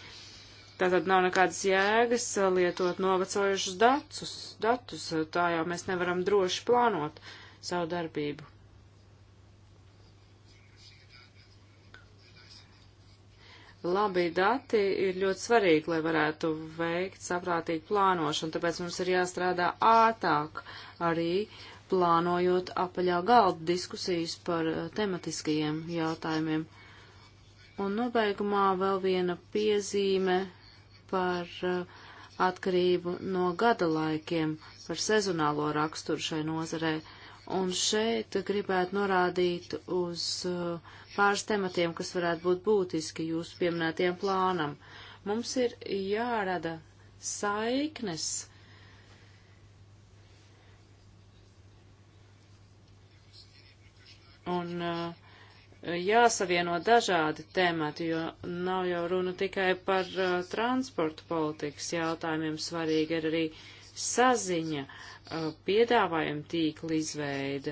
Tātad nav nekādas jēgas lietot novecojušus datus, datus, tā jau mēs nevaram droši plānot savu darbību. Labi dati ir ļoti svarīgi, lai varētu veikt saprātīgu plānošanu, tāpēc mums ir jāstrādā ātāk arī plānojot apaļā galda diskusijas par eh, tematiskajiem jautājumiem. Un nobeigumā vēl viena piezīme par eh, atkarību no gada laikiem, par sezonālo raksturu šai nozarei. Un šeit gribētu norādīt uz uh, pāris tematiem, kas varētu būt būtiski jūsu pieminētiem plānam. Mums ir jārada saiknes. Un uh, jāsavieno dažādi temati, jo nav jau runa tikai par uh, transportu politikas jautājumiem, svarīgi ir arī saziņa. Uh, Uh, piedāvājuma tīkla izveide,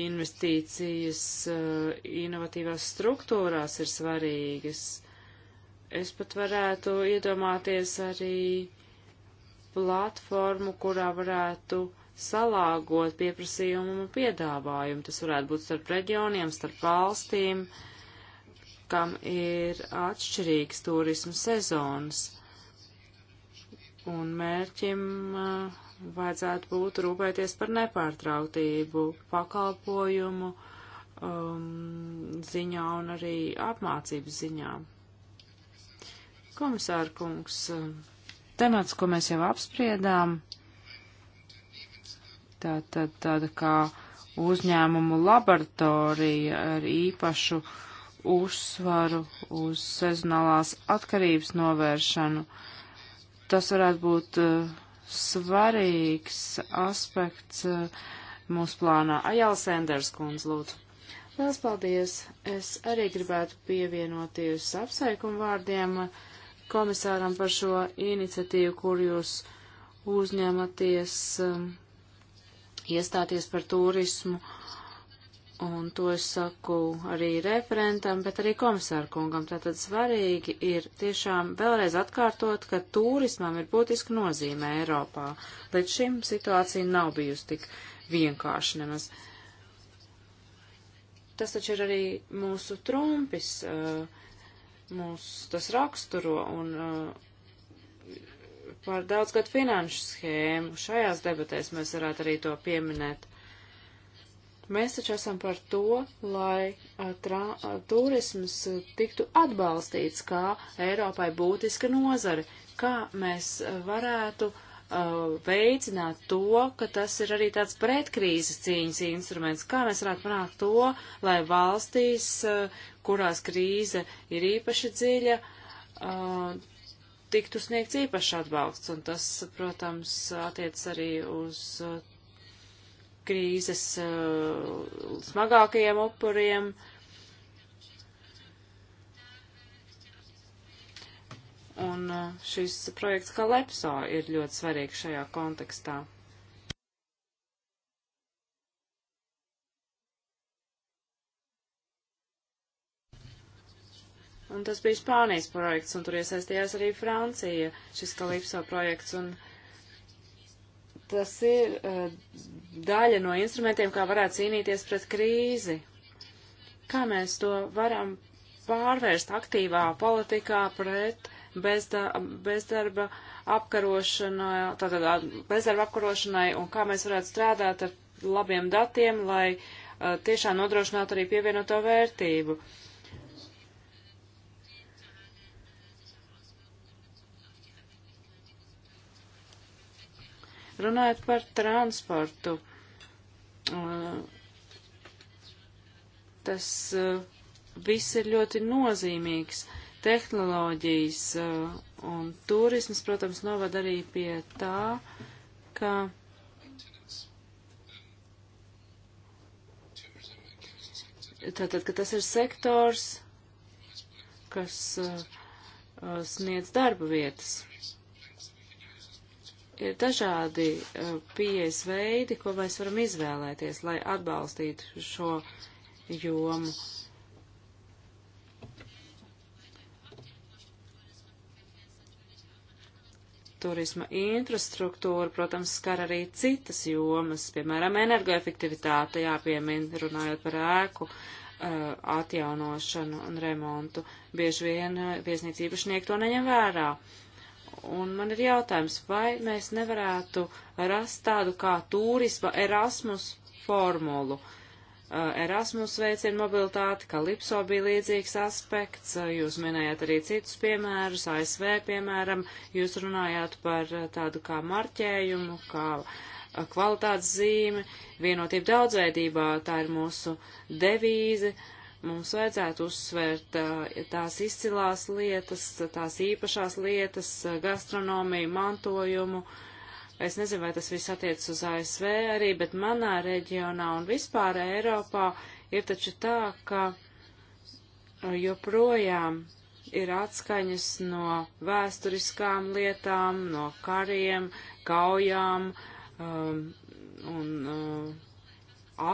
investīcijas uh, inovatīvās struktūrās ir svarīgas. Es pat varētu iedomāties arī platformu, kurā varētu salāgot pieprasījumu un piedāvājumu. Tas varētu būt starp reģioniem, starp valstīm, kam ir atšķirīgs turismu sezonas. Un mērķim uh, vajadzētu būt rūpēties par nepārtrauktību, pakalpojumu um, ziņā un arī apmācības ziņā. Komisāra kungs, temats, ko mēs jau apspriedām, tā, tā, tāda kā uzņēmumu laboratorija ar īpašu uzsvaru uz sezonālās atkarības novēršanu. Tas varētu būt uh, svarīgs aspekts eh, mūsu plānā. Ajāla Sanders kundze, lūdzu. Lielas paldies! Es arī gribētu pievienoties apsveikumu vārdiem komisāram par šo iniciatīvu, kur jūs uzņematies eh, iestāties par turismu. Uh, un to es saku arī referentam, bet arī komisārkungam. Tātad svarīgi ir tiešām vēlreiz atkārtot, ka turismam ir būtiska nozīme Eiropā. Līdz šim situācija nav bijusi tik vienkārši nemaz. Tas taču ir arī mūsu trumpis, mūs tas raksturo un par daudzgad finanšu schēmu. Šajās debatēs mēs varētu arī to pieminēt. Mēs taču esam par to, lai tra, turisms tiktu atbalstīts kā Eiropai būtiska nozare, kā mēs varētu uh, veicināt to, ka tas ir arī tāds pretkrīzes cīņas instruments, kā mēs varētu panākt to, lai valstīs, uh, kurās krīze ir īpaši dziļa, uh, tiktu sniegts īpašs atbalsts, un tas, protams, attiec arī uz krīzes uh, smagākajiem upuriem. Un uh, šis projekts Kalepso ir ļoti svarīgs šajā kontekstā. Un tas bija Spānijas projekts, un tur iesaistījās arī Francija, šis Kalipso projekts. Un, uh, tas ir eh, daļa no instrumentiem, kā varētu cīnīties pret krīzi. Kā mēs to varam pārvērst aktīvā politikā pret bezda, bezdarba apkarošanai, tātad bezdarba apkarošanai un kā mēs varētu strādāt ar labiem datiem, lai tiešām nodrošinātu arī pievienoto vērtību. Uh, Runājot par transportu, uh, tas uh, viss ir ļoti nozīmīgs. Tehnoloģijas uh, un turismas, protams, novad arī pie tā, ka tātad, ka tas ir sektors, kas sniedz darba vietas. Ir dažādi uh, pieejas veidi, ko mēs varam izvēlēties, lai atbalstītu šo jomu. turisma infrastruktūra, protams, skar arī citas jomas, piemēram, energoefektivitāte, jāpiemin, runājot par ēku uh, atjaunošanu un remontu. Bieži vien uh, viesnīca īpašnieki to neņem vērā. Un man ir jautājums, vai mēs nevarētu rast tādu kā turisma Erasmus formulu. Eh, Erasmus veicina mobilitāti, Kalipso bija līdzīgs aspekts, eh, jūs minējāt arī citus piemērus, ASV piemēram, jūs runājāt par eh, tādu kā marķējumu, kā kvalitātes zīme, vienotība daudzveidībā, tā ir mūsu devīze, uh, Mums vajadzētu uzsvērt eh, tās izcilās lietas, tās īpašās lietas, eh, gastronomiju, mantojumu. Es nezinu, vai tas viss attiec uz ASV arī, bet manā reģionā un vispār Eiropā ir taču tā, ka eh, joprojām ir atskaņas no vēsturiskām lietām, no kariem, kaujām um, un um,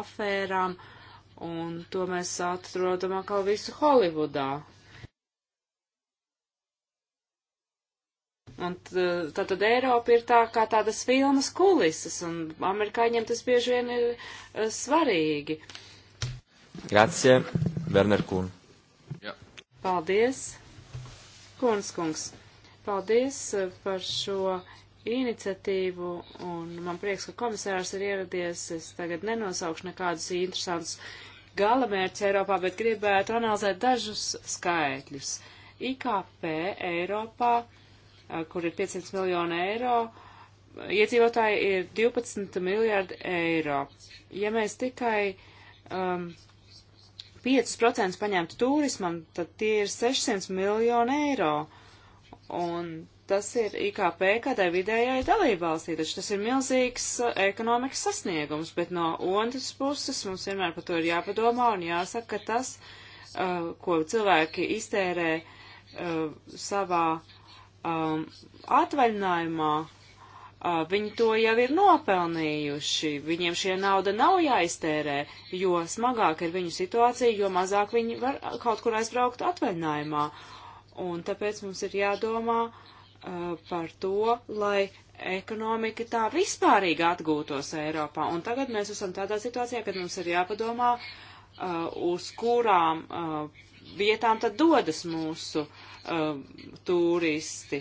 afērām. Uh, Un to mēs atrodam atkal visu Holivudā. Un tā tad Eiropa ir tā kā tādas filmas kulises, un amerikāņiem tas bieži vien ir uh, svarīgi. Grazie, Werner Kuhn. Jā. Paldies, Kuhns kungs. Paldies e, par šo iniciatīvu, un man prieks, ka komisārs ir ieradies. Es tagad nenosaukšu nekādus interesantus galamērķus Eiropā, bet gribētu analizēt dažus skaitļus. IKP Eiropā, kur ir 500 miljoni eiro, iedzīvotāji ir 12 miljardi eiro. Ja mēs tikai um, 5% paņemtu turismam, tad tie ir 600 miljoni eiro. Un tas ir IKP kādai vidējai dalībvalstī, taču tas ir milzīgs uh, ekonomikas sasniegums, bet no otras puses mums vienmēr par to ir jāpadomā un jāsaka, ka tas, uh, ko cilvēki iztērē uh, savā um, atvaļinājumā, viņi to jau ir nopelnījuši, viņiem šie nauda nav jāiztērē, jo smagāk ir viņu situācija, jo mazāk viņi var kaut kur aizbraukt atvaļinājumā. Un tāpēc mums ir jādomā, uh, Uh, par to, lai ekonomika tā vispārīgi atgūtos Eiropā. Un tagad mēs esam tādā situācijā, kad mums ir jāpadomā, uh, uz kurām uh, vietām tad dodas mūsu turisti.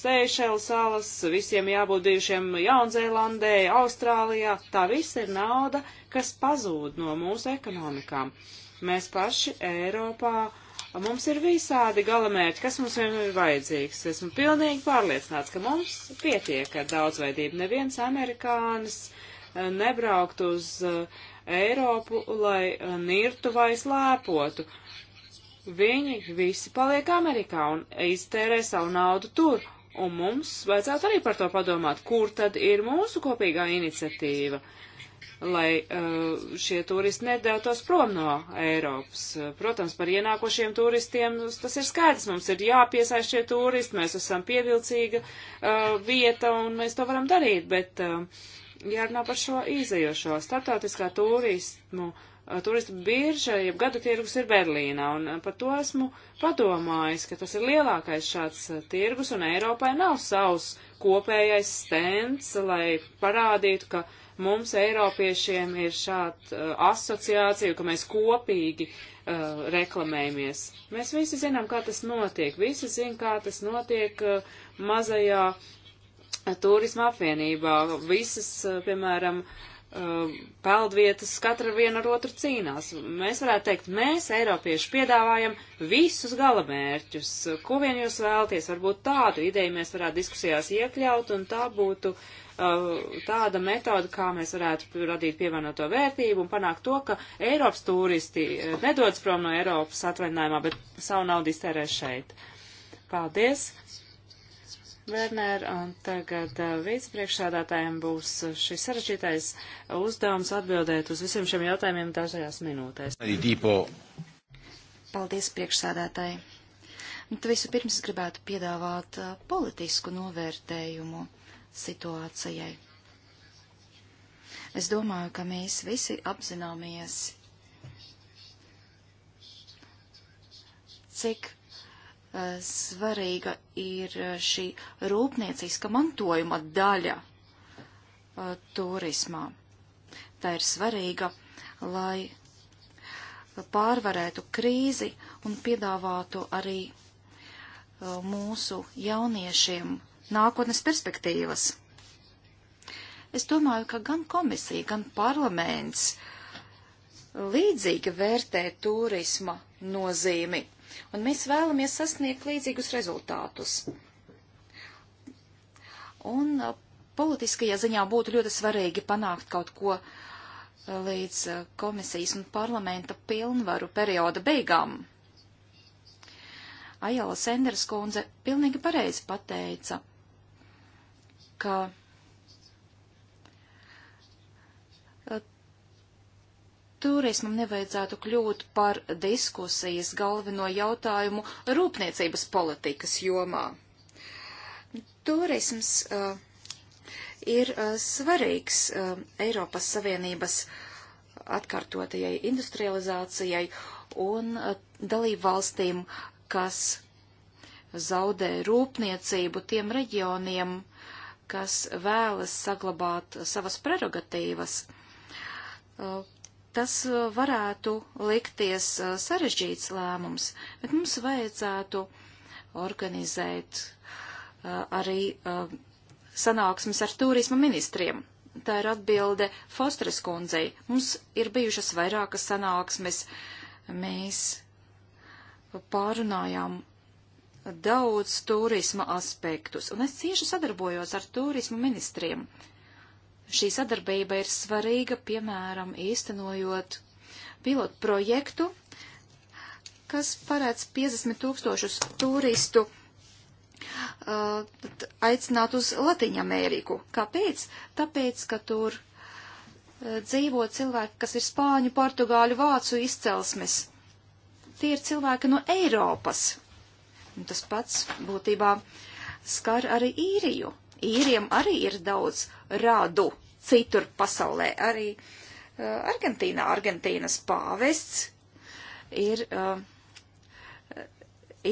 Seišela salas, visiem jābūt bijušiem Jaunzēlandē, Austrālijā. Tā viss ir nauda, kas pazūd no mūsu ekonomikām. Mēs paši Eiropā uh, Mums ir visādi galamērķi, kas mums vienmēr ir vajadzīgs. Esmu pilnīgi pārliecināts, ka mums pietiek ar daudzveidību. Neviens amerikānis eh, nebraukt uz eh, Eiropu, lai eh, nirtu vai slēpotu. Viņi visi paliek Amerikā un iztērē savu naudu tur, un mums vajadzētu arī par to padomāt, kur tad ir mūsu kopīgā iniciatīva. Uh, lai uh, šie turisti nedētos prom no Eiropas. Protams, par ienākošiem turistiem tas ir skaidrs. Mums ir jāpiesaist šie turisti, mēs esam pievilcīga uh, vieta un mēs to varam darīt, bet uh, jārunā par šo izējošo. Startautiskā turismu, uh, turistu birža, jeb gada tirgus ir Berlīnā, un uh, par to esmu padomājis, ka tas ir lielākais šāds uh, tirgus, un Eiropai nav savs kopējais stends, lai parādītu, ka Mums, Eiropiešiem, ir šāda uh, asociācija, ka mēs kopīgi uh, reklamējamies. Mēs visi zinām, kā tas notiek. Visi zin, kā tas notiek uh, mazajā uh, turisma apvienībā. Visas, uh, piemēram, uh, Um, peldvietas katra viena ar otru cīnās. Mēs varētu teikt, mēs, eiropieši, piedāvājam visus galamērķus, ko vien jūs vēlties, varbūt tādu ideju mēs varētu diskusijās iekļaut, un tā būtu uh, tāda metoda, kā mēs varētu radīt pievienoto vērtību un panākt to, ka Eiropas turisti eh, nedodas prom no Eiropas atvaļinājumā, bet savu naudu iztērē šeit. Paldies! Werner, un tagad uh, vicepriekšsādātājiem būs uh, šis sarežģītais uzdevums atbildēt uz visiem šiem jautājumiem dažajās minūtēs. Paldies, priekšsādātāji. Nu, visu pirms es gribētu piedāvāt uh, politisku novērtējumu situācijai. Es domāju, ka mēs visi apzināmies, cik Eh, svarīga ir eh, šī rūpnieciska mantojuma daļa uh, turismā. Tā ir svarīga, lai pārvarētu krīzi un piedāvātu arī uh, mūsu jauniešiem nākotnes perspektīvas. Es domāju, ka gan komisija, gan parlaments līdzīgi vērtē turisma nozīmi Un mēs vēlamies sasniegt līdzīgus rezultātus. Un uh, politiskajā ziņā būtu ļoti svarīgi panākt kaut ko uh, līdz uh, komisijas un parlamenta pilnvaru perioda beigām. Ajala Senders kundze pilnīgi pareizi pateica, ka turismam nevajadzētu kļūt par diskusijas galveno jautājumu rūpniecības politikas jomā. Turisms uh, ir uh, svarīgs uh, Eiropas Savienības atkārtotajai industrializācijai un uh, dalību valstīm, kas zaudē rūpniecību tiem reģioniem, kas vēlas saglabāt savas prerogatīvas. Uh, tas uh, varētu likties uh, sarežģīts lēmums, bet mums vajadzētu organizēt uh, arī sanāksmes ar turisma ministriem. Tā ir atbilde Fostres kundzei. Mums ir bijušas vairākas sanāksmes. Mēs pārunājām daudz turisma aspektus, un es cieši sadarbojos ar turisma ministriem. Uh, Šī sadarbība ir svarīga, piemēram, īstenojot pilotu projektu, kas parāds 50 tūkstošus turistu uh, aicināt uz Latviņameriku. Kāpēc? Tāpēc, ka tur uh, dzīvo cilvēki, kas ir spāņu, portugāļu, vācu izcelsmes. Tie ir cilvēki no Eiropas. Un tas pats būtībā skar arī īriju īriem arī ir daudz rādu citur pasaulē. Arī uh, Argentīnā, Argentīnas pāvests ir uh,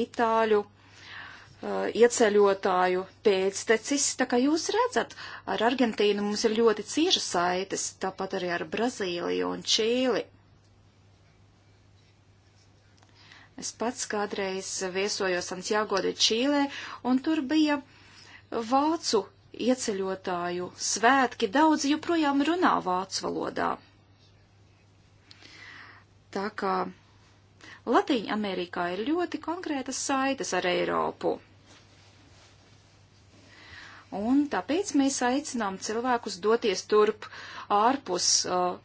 itāļu uh, ieceļotāju pēctecis. Tā kā jūs redzat, ar Argentīnu mums ir ļoti cieša saites, tāpat arī ar Brazīliju un Čīli. Es pats kādreiz viesojos Santiago de Čīlē, un tur bija uh, vācu ieceļotāju svētki daudzi joprojām runā vācu valodā. Tā kā Latīņa Amerikā ir ļoti konkrētas saites ar Eiropu. Un tāpēc mēs aicinām cilvēkus doties turp ārpus uh,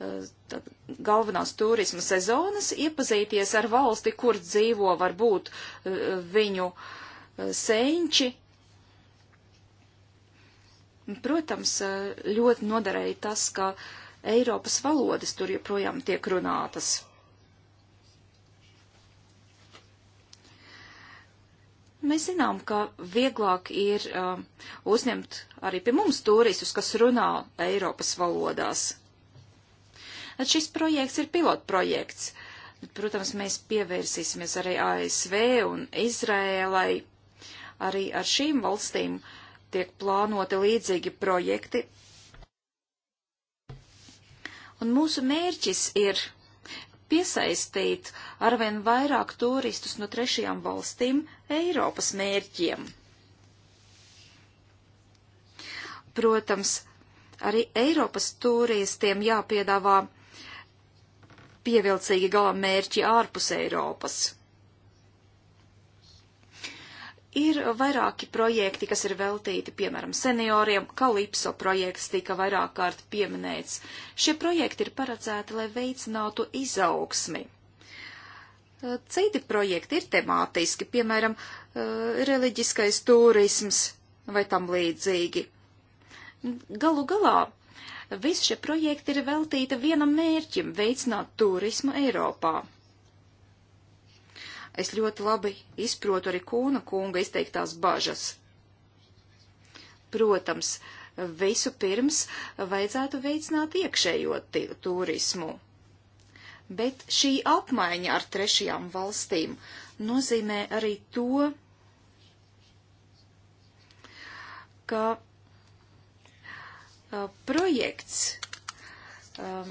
uh tad, galvenās turisma sezonas, iepazīties ar valsti, kur dzīvo varbūt uh, viņu uh, senči, Protams, eh, ļoti noderēja tas, ka Eiropas valodas tur joprojām tiek runātas. Mēs zinām, ka vieglāk ir uh, uzņemt arī pie mums turistus, kas runā Eiropas valodās. At šis projekts ir pilotprojekts. Protams, mēs pievērsīsimies arī ASV un Izrēlai. Arī ar šīm valstīm uh, tiek plānoti līdzīgi projekti. Un mūsu mērķis ir piesaistīt arvien vairāk turistus no trešajām valstīm Eiropas mērķiem. Protams, arī Eiropas turistiem jāpiedāvā pievilcīgi galamērķi ārpus Eiropas. Ir vairāki projekti, kas ir veltīti, piemēram, senioriem. Kalipso projekts tika vairāk kārt pieminēts. Šie projekti ir paredzēti, lai veicinātu izaugsmi. Citi projekti ir temātiski, piemēram, reliģiskais turisms vai tam līdzīgi. Galu galā visi šie projekti ir veltīti vienam mērķim - veicināt turismu Eiropā. Es ļoti labi izprotu arī Kūna kunga izteiktās bažas. Protams, visu pirms vajadzētu veicināt iekšējo turismu. Bet šī apmaiņa ar trešajām valstīm nozīmē arī to, ka uh, projekts um,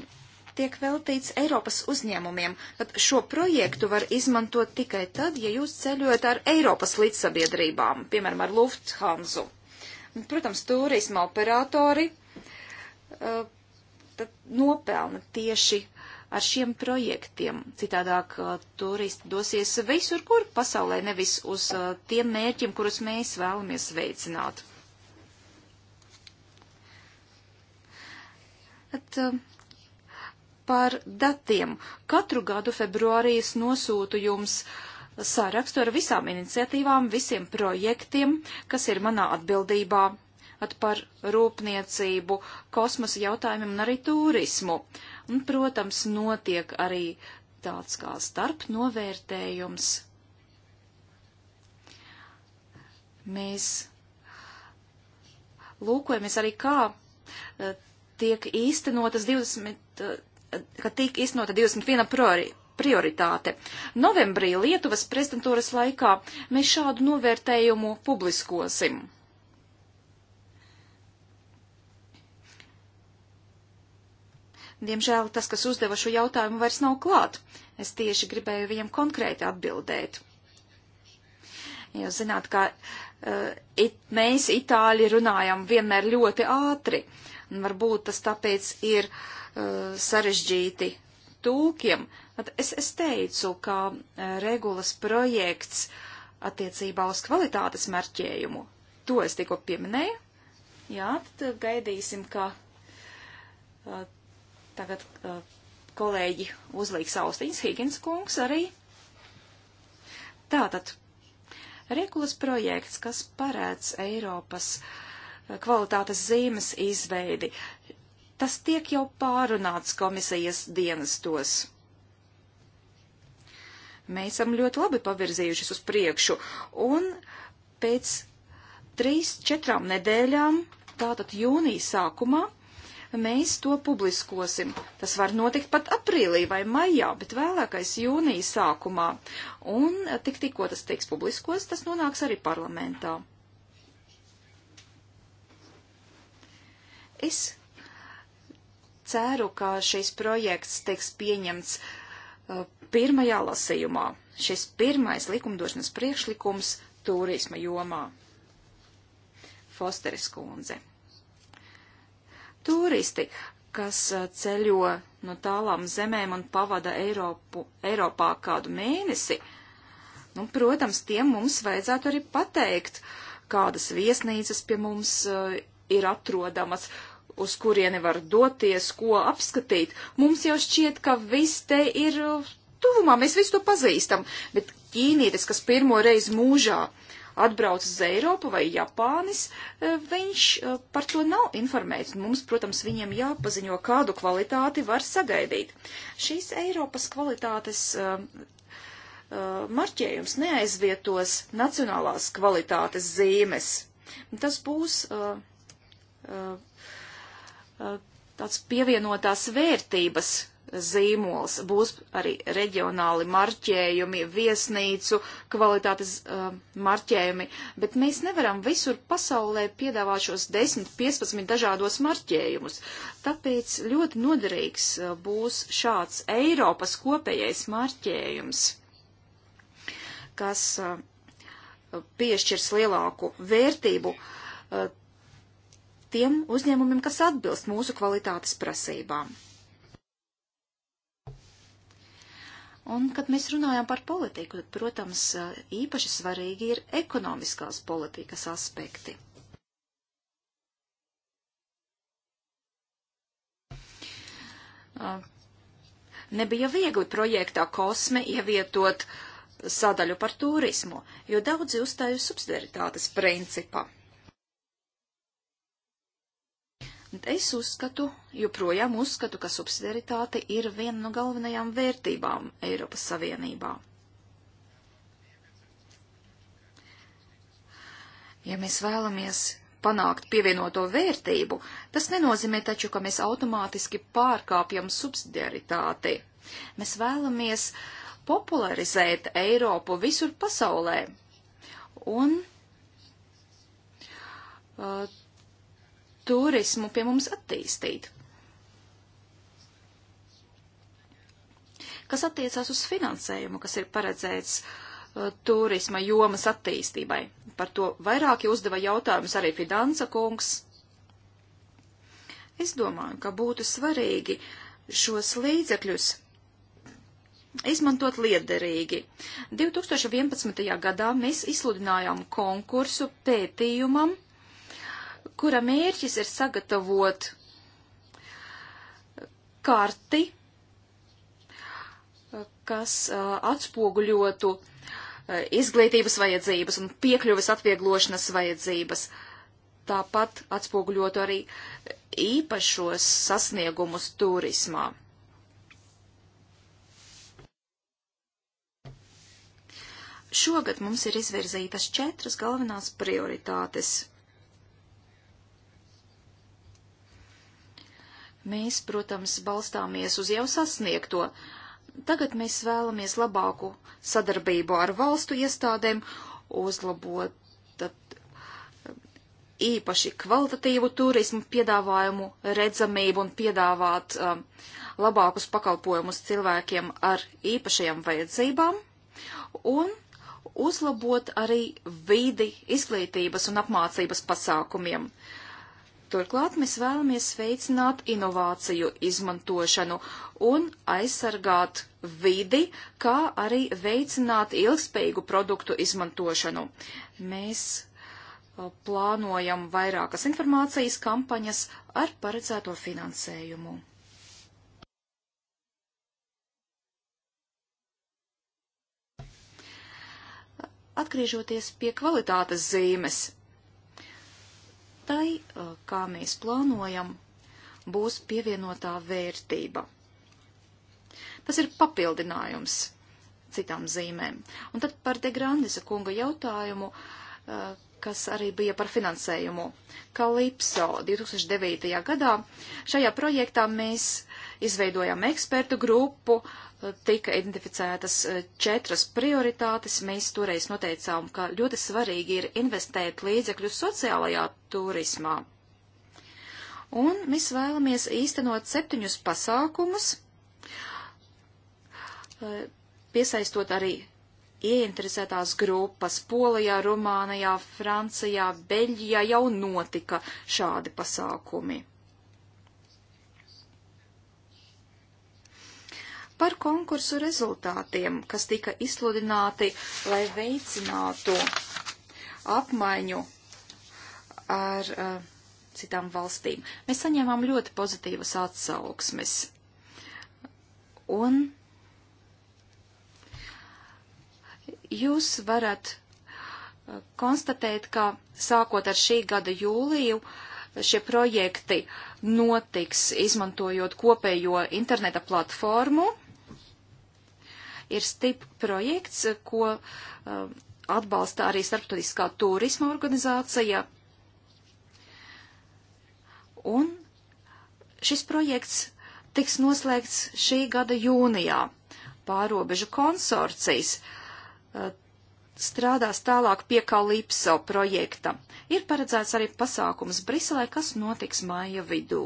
tiek veltīts Eiropas uzņēmumiem, tad šo projektu var izmantot tikai tad, ja jūs ceļojat ar Eiropas līdzsabiedrībām, piemēram, ar Lufthansa. Protams, turisma operatori uh, nopelna tieši ar šiem projektiem. Citādāk uh, turisti dosies visur, kur pasaulē, nevis uz uh, tiem mērķiem, kurus mēs vēlamies veicināt. At, uh, par datiem. Katru gadu februārī es nosūtu jums sarakstu ar visām iniciatīvām, visiem projektiem, kas ir manā atbildībā at par rūpniecību, kosmosa jautājumiem un arī turismu. Un, protams, notiek arī tāds kā starp novērtējums. Mēs lūkojamies arī, kā eh, tiek īstenotas 20 ka tika iznota 21 priori, prioritāte. Novembrī Lietuvas prezidentūras laikā mēs šādu novērtējumu publiskosim. Diemžēl tas, kas uzdeva šo jautājumu, vairs nav klāt. Es tieši gribēju viņam konkrēti atbildēt. Jūs zināt, ka uh, it, mēs, itāļi, runājam vienmēr ļoti ātri. Uh, un varbūt tas tāpēc ir uh, sarežģīti tūkiem. At es, es teicu, ka eh, regulas projekts attiecībā uz kvalitātes marķējumu, to es tikko pieminēju. Jā, tad eh, gaidīsim, ka uh, tagad uh, kolēģi uzliks austiņas, Higgins kungs arī. Tātad, regulas projekts, kas parēdz Eiropas uh, kvalitātes zīmes izveidi. Tas tiek jau pārunāts komisijas dienestos. Mēs esam ļoti labi pavirzījušies uz priekšu, un pēc trīs, četrām nedēļām, tātad jūnija sākumā, mēs to publiskosim. Tas var notikt pat aprīlī vai maijā, bet vēlākais jūnija sākumā. Un tik tikko tas tiks publiskos, tas nonāks arī parlamentā. Es ceru, ka šis projekts tiks pieņemts uh, pirmajā lasījumā. Šis pirmais likumdošanas priekšlikums turisma jomā. Fosteris kundze. Turisti, kas uh, ceļo no tālām zemēm un pavada Eiropu, Eiropā kādu mēnesi, nu, protams, tiem mums vajadzētu arī pateikt, kādas viesnīcas pie mums uh, ir atrodamas, uz kurieni var doties, ko apskatīt. Mums jau šķiet, ka viss te ir tuvumā, mēs visu to pazīstam, bet ķīnietis, kas pirmo reizi mūžā atbrauc uz Eiropu vai Japānis, e, viņš e, par to nav informēts. Mums, protams, viņiem jāpaziņo, kādu kvalitāti var sagaidīt. Šīs Eiropas kvalitātes uh, uh, marķējums neaizvietos nacionālās kvalitātes zīmes. Tas būs uh, Eh, eh, tāds pievienotās vērtības zīmols. Būs arī reģionāli marķējumi, viesnīcu kvalitātes uh, marķējumi, bet mēs nevaram visur pasaulē piedāvāt šos 10, 15 dažādos marķējumus. Tāpēc ļoti noderīgs uh, būs šāds Eiropas kopējais marķējums, kas uh, piešķirs lielāku vērtību. Uh, tiem uzņēmumiem, kas atbilst mūsu kvalitātes prasībām. Un, kad mēs runājam par politiku, tad, protams, īpaši svarīgi ir ekonomiskās politikas aspekti. Uh, nebija viegli projektā kosme ievietot sadaļu par turismu, jo daudzi uzstāja subsidiaritātes principa. Es uzskatu, joprojām uzskatu, ka subsidiaritāte ir viena no galvenajām vērtībām Eiropas Savienībā. Ja mēs vēlamies panākt pievienoto vērtību, tas nenozīmē taču, ka mēs automātiski pārkāpjam subsidiaritāti. Mēs vēlamies popularizēt Eiropu visur pasaulē. Un uh, turismu pie mums attīstīt. Kas attiecās uz finansējumu, kas ir paredzēts uh, turisma jomas attīstībai. Par to vairāki uzdeva jautājumus arī Fidansa kungs. Es domāju, ka būtu svarīgi šos līdzekļus izmantot liederīgi. 2011. gadā mēs izsludinājām konkursu pētījumam kura mērķis ir sagatavot karti, kas atspoguļotu izglītības vajadzības un piekļuves atvieglošanas vajadzības. Tāpat atspoguļotu arī īpašos sasniegumus turismā. Šogad mums ir izvirzītas četras galvenās prioritātes Mēs, protams, balstāmies uz jau sasniegto. Tagad mēs vēlamies labāku sadarbību ar valstu iestādēm, uzlabot tad, uh, īpaši kvalitatīvu turismu piedāvājumu, redzamību un piedāvāt um, labākus pakalpojumus cilvēkiem ar īpašajām vajadzībām un uzlabot arī vidi izglītības un apmācības pasākumiem. Uh, Turklāt mēs vēlamies veicināt inovāciju izmantošanu un aizsargāt vidi, kā arī veicināt ilgspējīgu produktu izmantošanu. Mēs uh, plānojam vairākas informācijas kampaņas ar paredzēto finansējumu. Atgriežoties pie kvalitātes zīmes, tai, kā mēs plānojam, būs pievienotā vērtība. Tas ir papildinājums citām zīmēm. Un tad par De Grandisa kunga jautājumu, kas arī bija par finansējumu. Kalipso 2009. gadā šajā projektā mēs izveidojām ekspertu grupu, tika identificētas eh, četras prioritātes. Mēs toreiz noteicām, ka ļoti svarīgi ir investēt līdzekļus sociālajā turismā. Un mēs vēlamies īstenot septiņus pasākumus, eh, piesaistot arī ieinteresētās grupas Polijā, Rumānijā, Francijā, Beļģijā jau notika šādi pasākumi. Par konkursu rezultātiem, kas tika izsludināti, lai veicinātu apmaiņu ar uh, citām valstīm. Mēs saņēmām ļoti pozitīvas atsauksmes. Un jūs varat uh, konstatēt, ka sākot ar šī gada jūliju šie projekti notiks izmantojot kopējo interneta platformu ir stip projekts, ko uh, atbalsta arī starptautiskā turisma organizācija. Un šis projekts tiks noslēgts šī gada jūnijā. Pārobežu konsorcijas uh, strādās tālāk pie Kalipso projekta. Ir paredzēts arī pasākums Briselē, kas notiks māja vidū.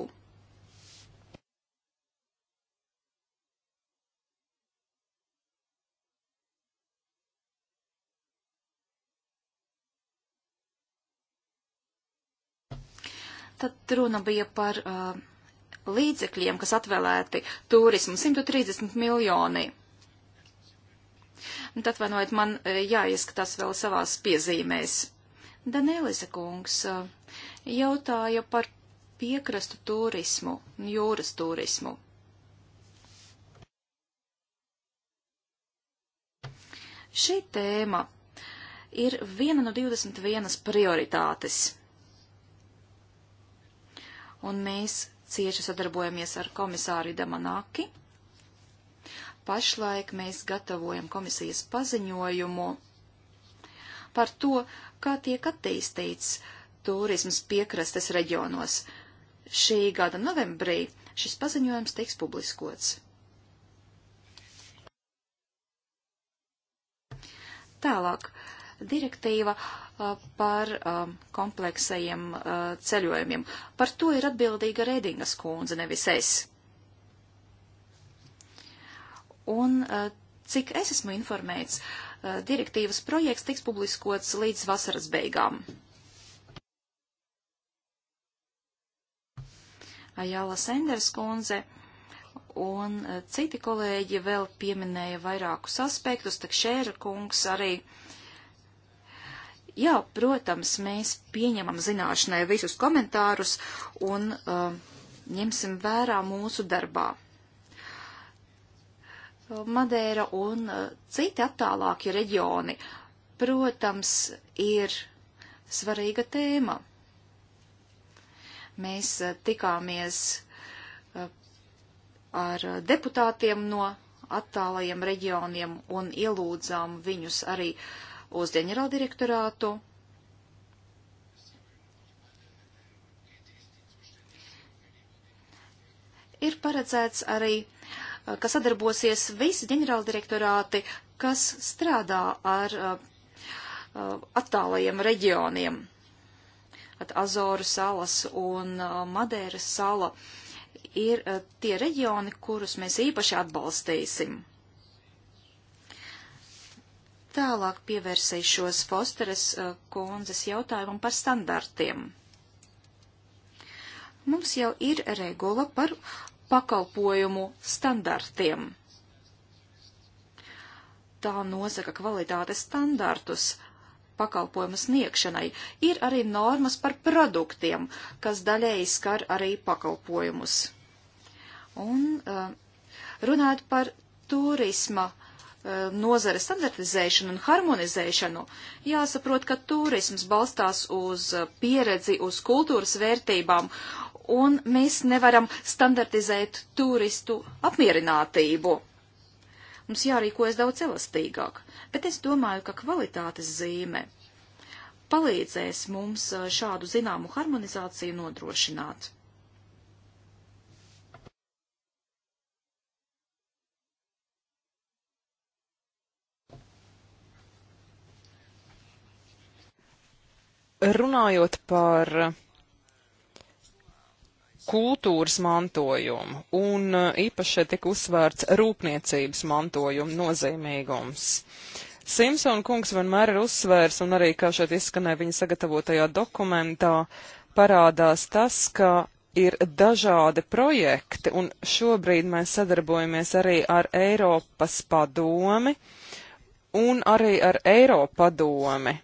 Tad runa bija par uh, līdzekļiem, kas atvēlēti turismu - 130 miljoni. Un tad vainojiet, man uh, jāieskatās vēl savās piezīmēs. Danēlise kungs uh, jautāja par piekrastu turismu, jūras turismu. Šī tēma ir viena no 21 prioritātes un mēs cieši sadarbojamies ar komisāru Damanaki. Pašlaik mēs gatavojam komisijas paziņojumu par to, kā tiek attīstīts turisms piekrastes reģionos. Šī gada novembrī šis paziņojums tiks publiskots. Tālāk direktīva par kompleksajiem ceļojumiem. Par to ir atbildīga Redingas kundze, nevis es. Un cik es esmu informēts, direktīvas projekts tiks publiskots līdz vasaras beigām. Ajāla Senders kundze un citi kolēģi vēl pieminēja vairākus aspektus, tak šēra kungs arī uh, Jā, protams, mēs pieņemam zināšanai visus komentārus un uh, ņemsim vērā mūsu darbā. Uh, Madeira un uh, citi attālākie reģioni, protams, ir svarīga tēma. Mēs uh, tikāmies uh, ar deputātiem no attālajiem reģioniem un ielūdzām viņus arī uh, uz ģenerāldirektorātu. Ir paredzēts arī, eh, ka sadarbosies visi ģenerāldirektorāti, kas strādā ar eh, eh, attālajiem reģioniem. At Azoru salas un Madēras sala ir tie reģioni, kurus mēs īpaši atbalstīsim. Tālāk pievērsīšos Fosteres uh, kundzes jautājumam par standartiem. Mums jau ir regula par pakalpojumu standartiem. Tā nosaka kvalitātes standartus pakalpojumu sniegšanai. Ir arī normas par produktiem, kas daļēji skar arī pakalpojumus. Un uh, runāt par turisma Eh, nozare standartizēšanu un harmonizēšanu, jāsaprot, ka turisms balstās uz eh, pieredzi, uz kultūras vērtībām, un mēs nevaram standartizēt turistu apmierinātību. Mums jārīkojas daudz elastīgāk, bet es domāju, ka kvalitātes zīme palīdzēs mums eh, šādu zināmu harmonizāciju nodrošināt. Runājot par kultūras mantojumu, un eh, īpaši šeit tika uzsvērts rūpniecības mantojuma nozīmīgums. Simpson kungs vienmēr ir uzsvērs, un arī, kā šeit izskanēja viņa sagatavotajā dokumentā, parādās tas, ka ir dažādi projekti, un šobrīd mēs sadarbojamies arī ar Eiropas padomi un arī ar Eiropadomi. padomi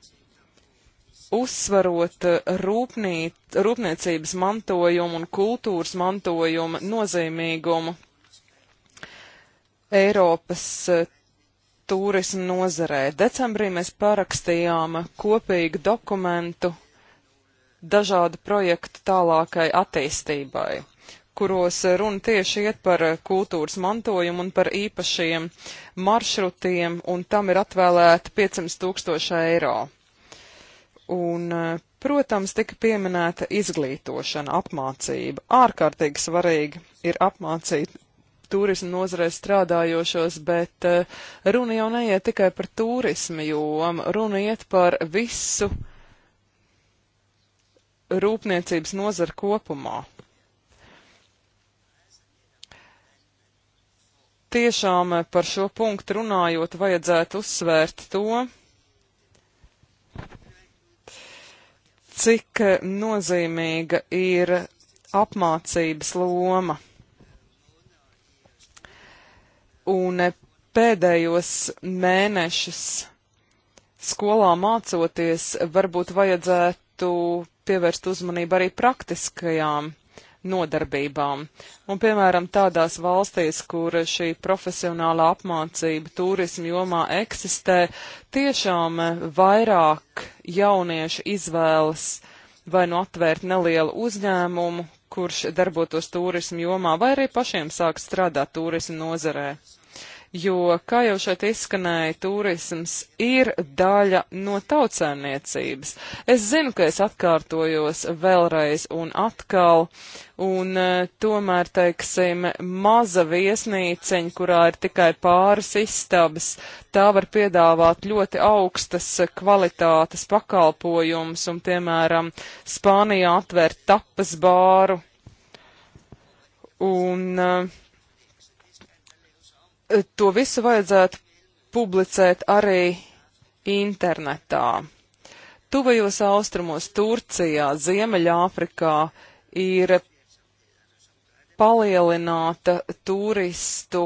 uzsvarot eh, rūpnīt, rūpniecības mantojumu un kultūras mantojumu nozīmīgumu Eiropas eh, turismu nozarē. Decembrī mēs parakstījām kopīgu dokumentu dažādu projektu tālākai attīstībai, kuros eh, runa tieši iet par kultūras mantojumu un par īpašiem maršrutiem, un tam ir atvēlēta 500 tūkstoši eiro. Un, eh, protams, tika pieminēta izglītošana, apmācība. Ārkārtīgi svarīgi ir apmācīt turismu nozarē strādājošos, bet eh, runa jau neiet tikai par turismu jomu, runa iet par visu rūpniecības nozaru kopumā. Tiešām eh, par šo punktu runājot, vajadzētu uzsvērt to, cik eh, nozīmīga ir apmācības loma. Un eh, pēdējos mēnešus skolā mācoties, varbūt vajadzētu pievērst uzmanību arī praktiskajām nodarbībām. Un, piemēram, tādās valstīs, kur šī profesionālā apmācība turismu jomā eksistē, tiešām vairāk jaunieši izvēlas vai nu atvērt nelielu uzņēmumu, kurš darbotos turismu jomā, vai arī pašiem sāk strādāt turismu nozarē jo, kā jau šeit izskanēja, turisms ir daļa no tautsēmniecības. Es zinu, ka es atkārtojos vēlreiz un atkal, un e, tomēr, teiksim, maza viesnīceņa, kurā ir tikai pāris istabas, tā var piedāvāt ļoti augstas kvalitātes pakalpojumus un, piemēram, Spānijā atvērt tapas bāru. Un uh, Eh, to visu vajadzētu publicēt arī internetā. Tuvajos austrumos, Turcijā, Ziemeļāfrikā ir palielināta turistu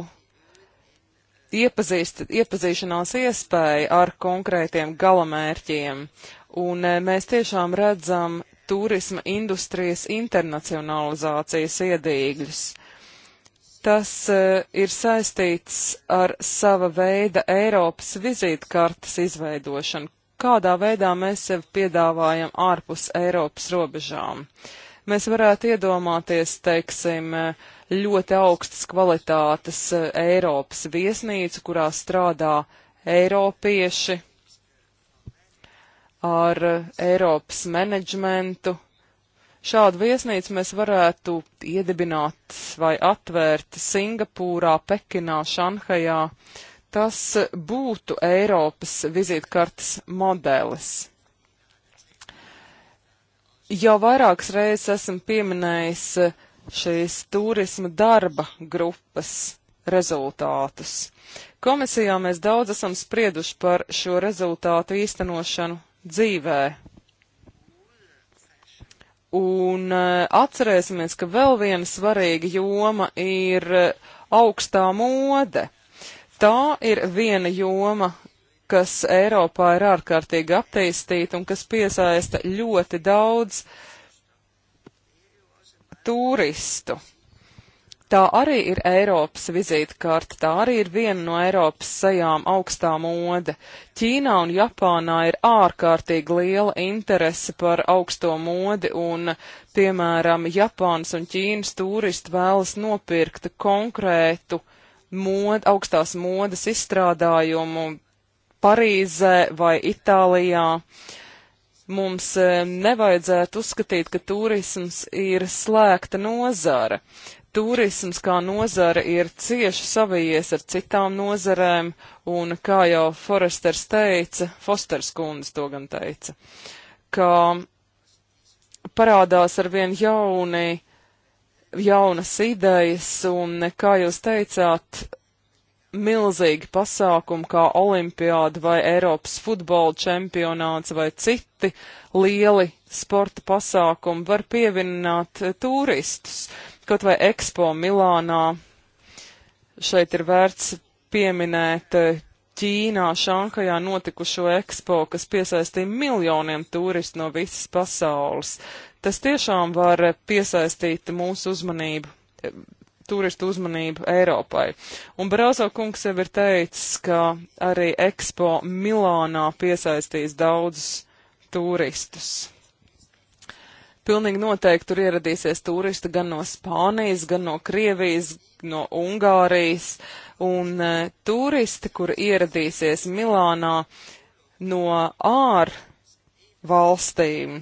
iepazīst, iepazīšanās iespēja ar konkrētiem galamērķiem, un eh, mēs tiešām redzam turisma industrijas internacionalizācijas iedīgļus. Tas eh, ir saistīts ar sava veida Eiropas vizītkartes izveidošanu, kādā veidā mēs sev piedāvājam ārpus Eiropas robežām. Mēs varētu iedomāties, teiksim, ļoti augstas kvalitātes eh, Eiropas viesnīcu, kurā strādā Eiropieši ar eh, Eiropas menedžmentu, Šādu viesnīcu mēs varētu iedibināt vai atvērt Singapūrā, Pekinā, Šanhajā. Tas būtu Eiropas vizītkartes modelis. Jau vairākas reizes esmu pieminējis šīs turisma darba grupas rezultātus. Komisijā mēs daudz esam sprieduši par šo rezultātu īstenošanu dzīvē. Un e, atcerēsimies, ka vēl viena svarīga joma ir e, augstā mode. Tā ir viena joma, kas Eiropā ir ārkārtīgi attīstīta un kas piesaista ļoti daudz turistu. Tā arī ir Eiropas vizītkārta, tā arī ir viena no Eiropas sejām augstā mode. Ķīnā un Japānā ir ārkārtīgi liela interese par augsto modi un, piemēram, Japānas un Ķīnas turisti vēlas nopirkt konkrētu mod, augstās modas izstrādājumu Parīzē vai Itālijā. Mums eh, nevajadzētu uzskatīt, ka turisms ir slēgta nozara turisms kā nozara ir cieši savijies ar citām nozarēm, un kā jau Foresters teica, Fosters kundze to gan teica, ka parādās ar vien jauni, jaunas idejas, un kā jūs teicāt, milzīgi pasākumi kā olimpiāda vai Eiropas futbola čempionāts vai citi lieli sporta pasākumi var pievinināt eh, turistus. Kaut vai Expo Milānā šeit ir vērts pieminēt eh, Ķīnā Šankajā notikušo ekspo, kas piesaistīja miljoniem turistu no visas pasaules. Tas tiešām var eh, piesaistīt mūsu uzmanību turistu uzmanību Eiropai. Un Brāzo kungs jau ir teicis, ka arī Expo Milānā piesaistīs daudzus turistus. Pilnīgi noteikti tur ieradīsies turisti gan no Spānijas, gan no Krievijas, no Ungārijas, un e, turisti, kur ieradīsies Milānā no ār valstīm,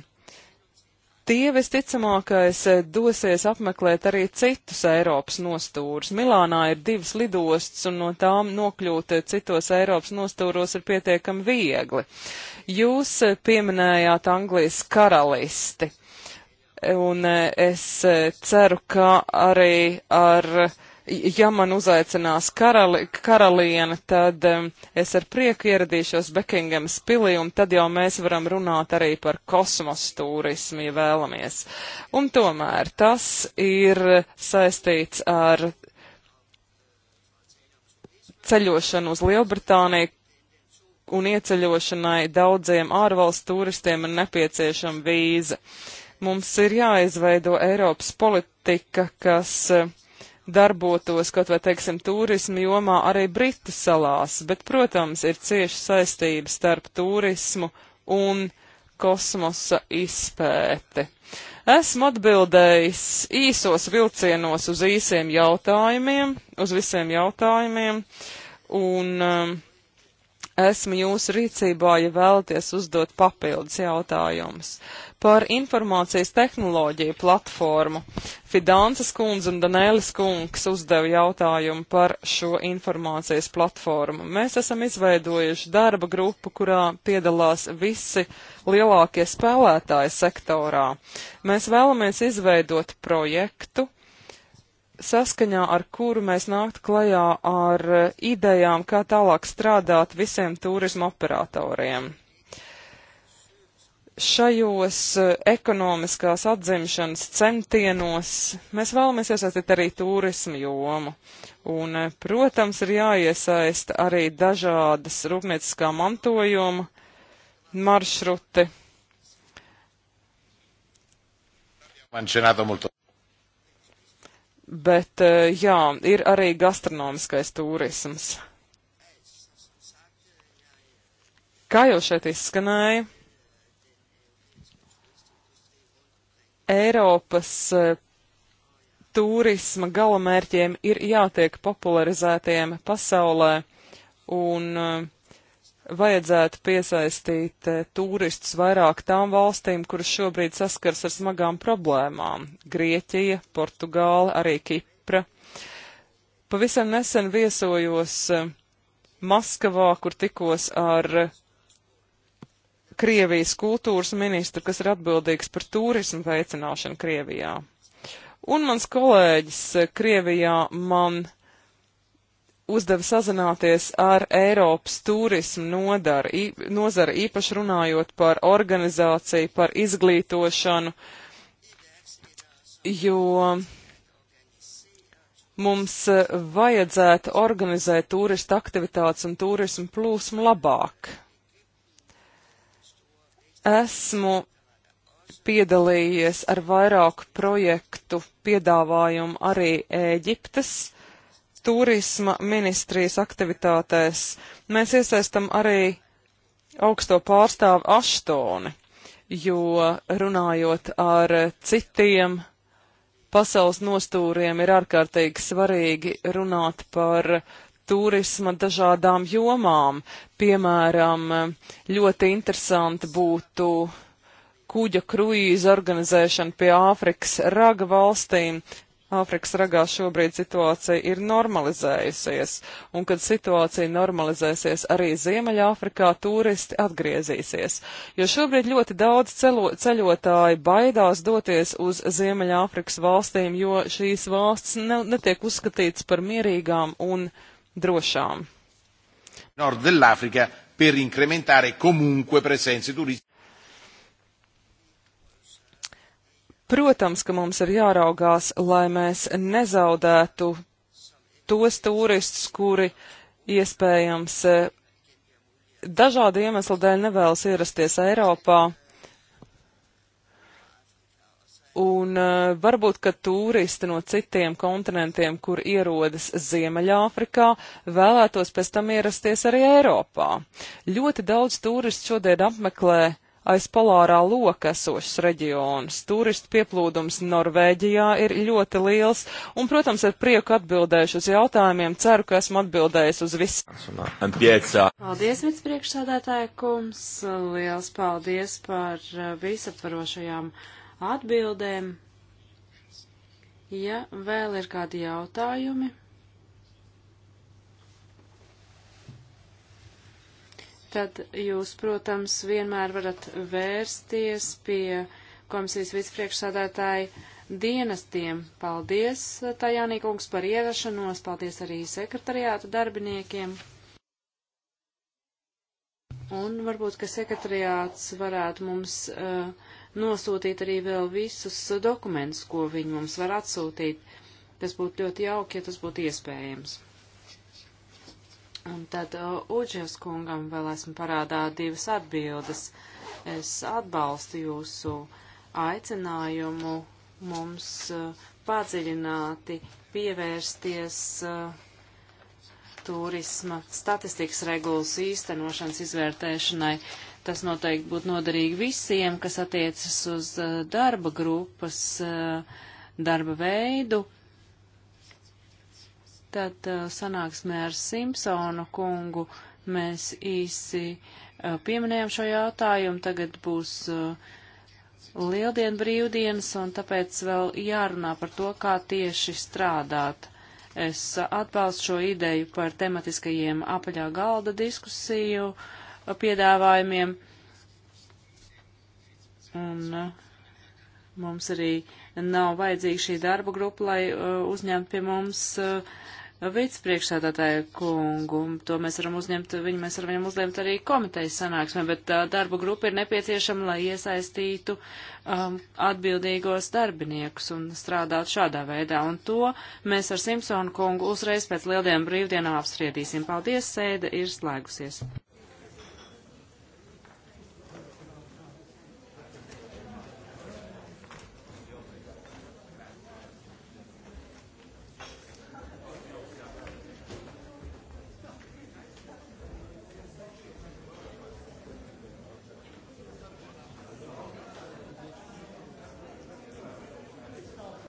Tie visticamākais eh, dosies apmeklēt arī citus Eiropas nostūrus. Milānā ir divas lidostas, un no tām nokļūt eh, citos Eiropas nostūros ir pietiekami viegli. Jūs eh, pieminējāt Anglijas karalisti, un es ceru, ka arī ar ja man uzaicinās karali, karaliene, tad um, es ar prieku ieradīšos Bekingemas pilī, un tad jau mēs varam runāt arī par kosmos turismu, ja vēlamies. Un tomēr tas ir saistīts ar ceļošanu uz Lielbritāniju, un ieceļošanai daudziem ārvalstu turistiem ir nepieciešama vīza. Mums ir jāizveido Eiropas politika, kas uh, darbotos, kaut vai, teiksim, turismu jomā arī Britu salās, bet, protams, ir cieši saistība starp turismu un kosmosa izpēti. Esmu atbildējis īsos vilcienos uz īsiem jautājumiem, uz visiem jautājumiem, un um, esmu jūsu rīcībā, ja vēlaties uzdot papildus jautājumus. Uh, par informācijas tehnoloģiju platformu. Fidanses kundze un Danēlis kungs uzdeva jautājumu par šo informācijas platformu. Mēs esam izveidojuši darba grupu, kurā piedalās visi lielākie spēlētāji sektorā. Mēs vēlamies izveidot projektu, saskaņā ar kuru mēs nāktu klajā ar idejām, kā tālāk strādāt visiem turismu operatoriem šajos eh, ekonomiskās atzimšanas centienos mēs vēlamies iesaistīt arī turismu jomu. Un, eh, protams, ir jāiesaista arī dažādas rūpnieciskā mantojuma maršruti. Bet, eh, jā, ir arī gastronomiskais turisms. Kā jau šeit izskanēja? Eiropas e, turisma galamērķiem ir jātiek popularizētiem pasaulē un e, vajadzētu piesaistīt e, turistus vairāk tām valstīm, kuras šobrīd saskars ar smagām problēmām - Grieķija, Portugāla, arī Kipra. Pavisam nesen viesojos Maskavā, kur tikos ar Krievijas kultūras ministru, kas ir atbildīgs par turismu veicināšanu Krievijā. Un mans kolēģis eh, Krievijā man uzdeva sazināties ar Eiropas turismu nodaru, nozara īpaši runājot par organizāciju, par izglītošanu, jo mums eh, vajadzētu organizēt turistu aktivitātes un turismu plūsmu labāk esmu piedalījies ar vairāku projektu piedāvājumu arī Ēģiptes turisma ministrijas aktivitātēs. Mēs iesaistam arī augsto pārstāvu Aštoni, jo runājot ar citiem pasaules nostūriem ir ārkārtīgi svarīgi runāt par uh, turisma dažādām jomām. Piemēram, ļoti interesanti būtu kuģa kruīza organizēšana pie Āfrikas raga valstīm. Āfrikas ragā šobrīd situācija ir normalizējusies, un kad situācija normalizēsies, arī Ziemeļāfrikā turisti atgriezīsies, jo šobrīd ļoti daudz celo, ceļotāji baidās doties uz Ziemeļāfrikas valstīm, jo šīs valsts ne, netiek uzskatītas par mierīgām un uh, drošām. Nord dell'Africa per incrementare comunque presenze turistiche. Protams, ka mums ir jāraugās, lai mēs nezaudētu tos turistus, kuri iespējams eh, dažādu iemeslu dēļ nevēlas ierasties Eiropā Un uh, varbūt, ka turisti no citiem kontinentiem, kur ierodas Ziemeļāfrikā, vēlētos pēc tam ierasties arī Eiropā. Ļoti daudz turistu šodien apmeklē aiz polārā loka esošas reģionas. Turistu pieplūdums Norvēģijā ir ļoti liels, un, protams, ar prieku atbildējuši uz jautājumiem. Ceru, ka esmu atbildējis uz visiem. Paldies, vicepriekšsādātāja kungs. Liels paldies par eh, visaptvarošajām. Uh, atbildēm. Ja vēl ir kādi jautājumi, tad jūs, protams, vienmēr varat vērsties pie komisijas vicepriekšsādātāja dienestiem. Paldies, Tajānī kungs, par ierašanos, paldies arī sekretariāta darbiniekiem. Un varbūt, ka sekretariāts varētu mums. Uh, nosūtīt arī vēl visus dokumentus, ko viņi mums var atsūtīt. Tas būtu ļoti jauki, ja tas būtu iespējams. Un tad Uģies kungam vēl esmu parādā divas atbildes. Es atbalstu jūsu aicinājumu mums padziļināti pievērsties turisma statistikas regulas īstenošanas izvērtēšanai. Tas noteikti būtu noderīgi visiem, kas attiecas uz uh, darba grupas, uh, darba veidu. Tad uh, sanāksmē ar Simpsonu kungu mēs īsi pieminējam šo jautājumu. Tagad būs lieldienu brīvdienas, un tāpēc vēl jārunā par to, kā tieši strādāt. Es atbalstu šo ideju par tematiskajiem apaļā galda diskusiju uh, piedāvājumiem. Un uh, mums arī nav vajadzīga šī darba grupa, lai uh, uzņemtu pie mums uh, vicepriekšsēdētāju kungu. To mēs varam uzņemt, viņu mēs varam viņam uzlēmt arī komitejas sanāksmē, bet darba grupa ir nepieciešama, lai iesaistītu um, atbildīgos darbiniekus un strādātu šādā veidā. Un to mēs ar Simpsonu kungu uzreiz pēc lieldienu brīvdienām apspriedīsim. Paldies, sēde ir slēgusies.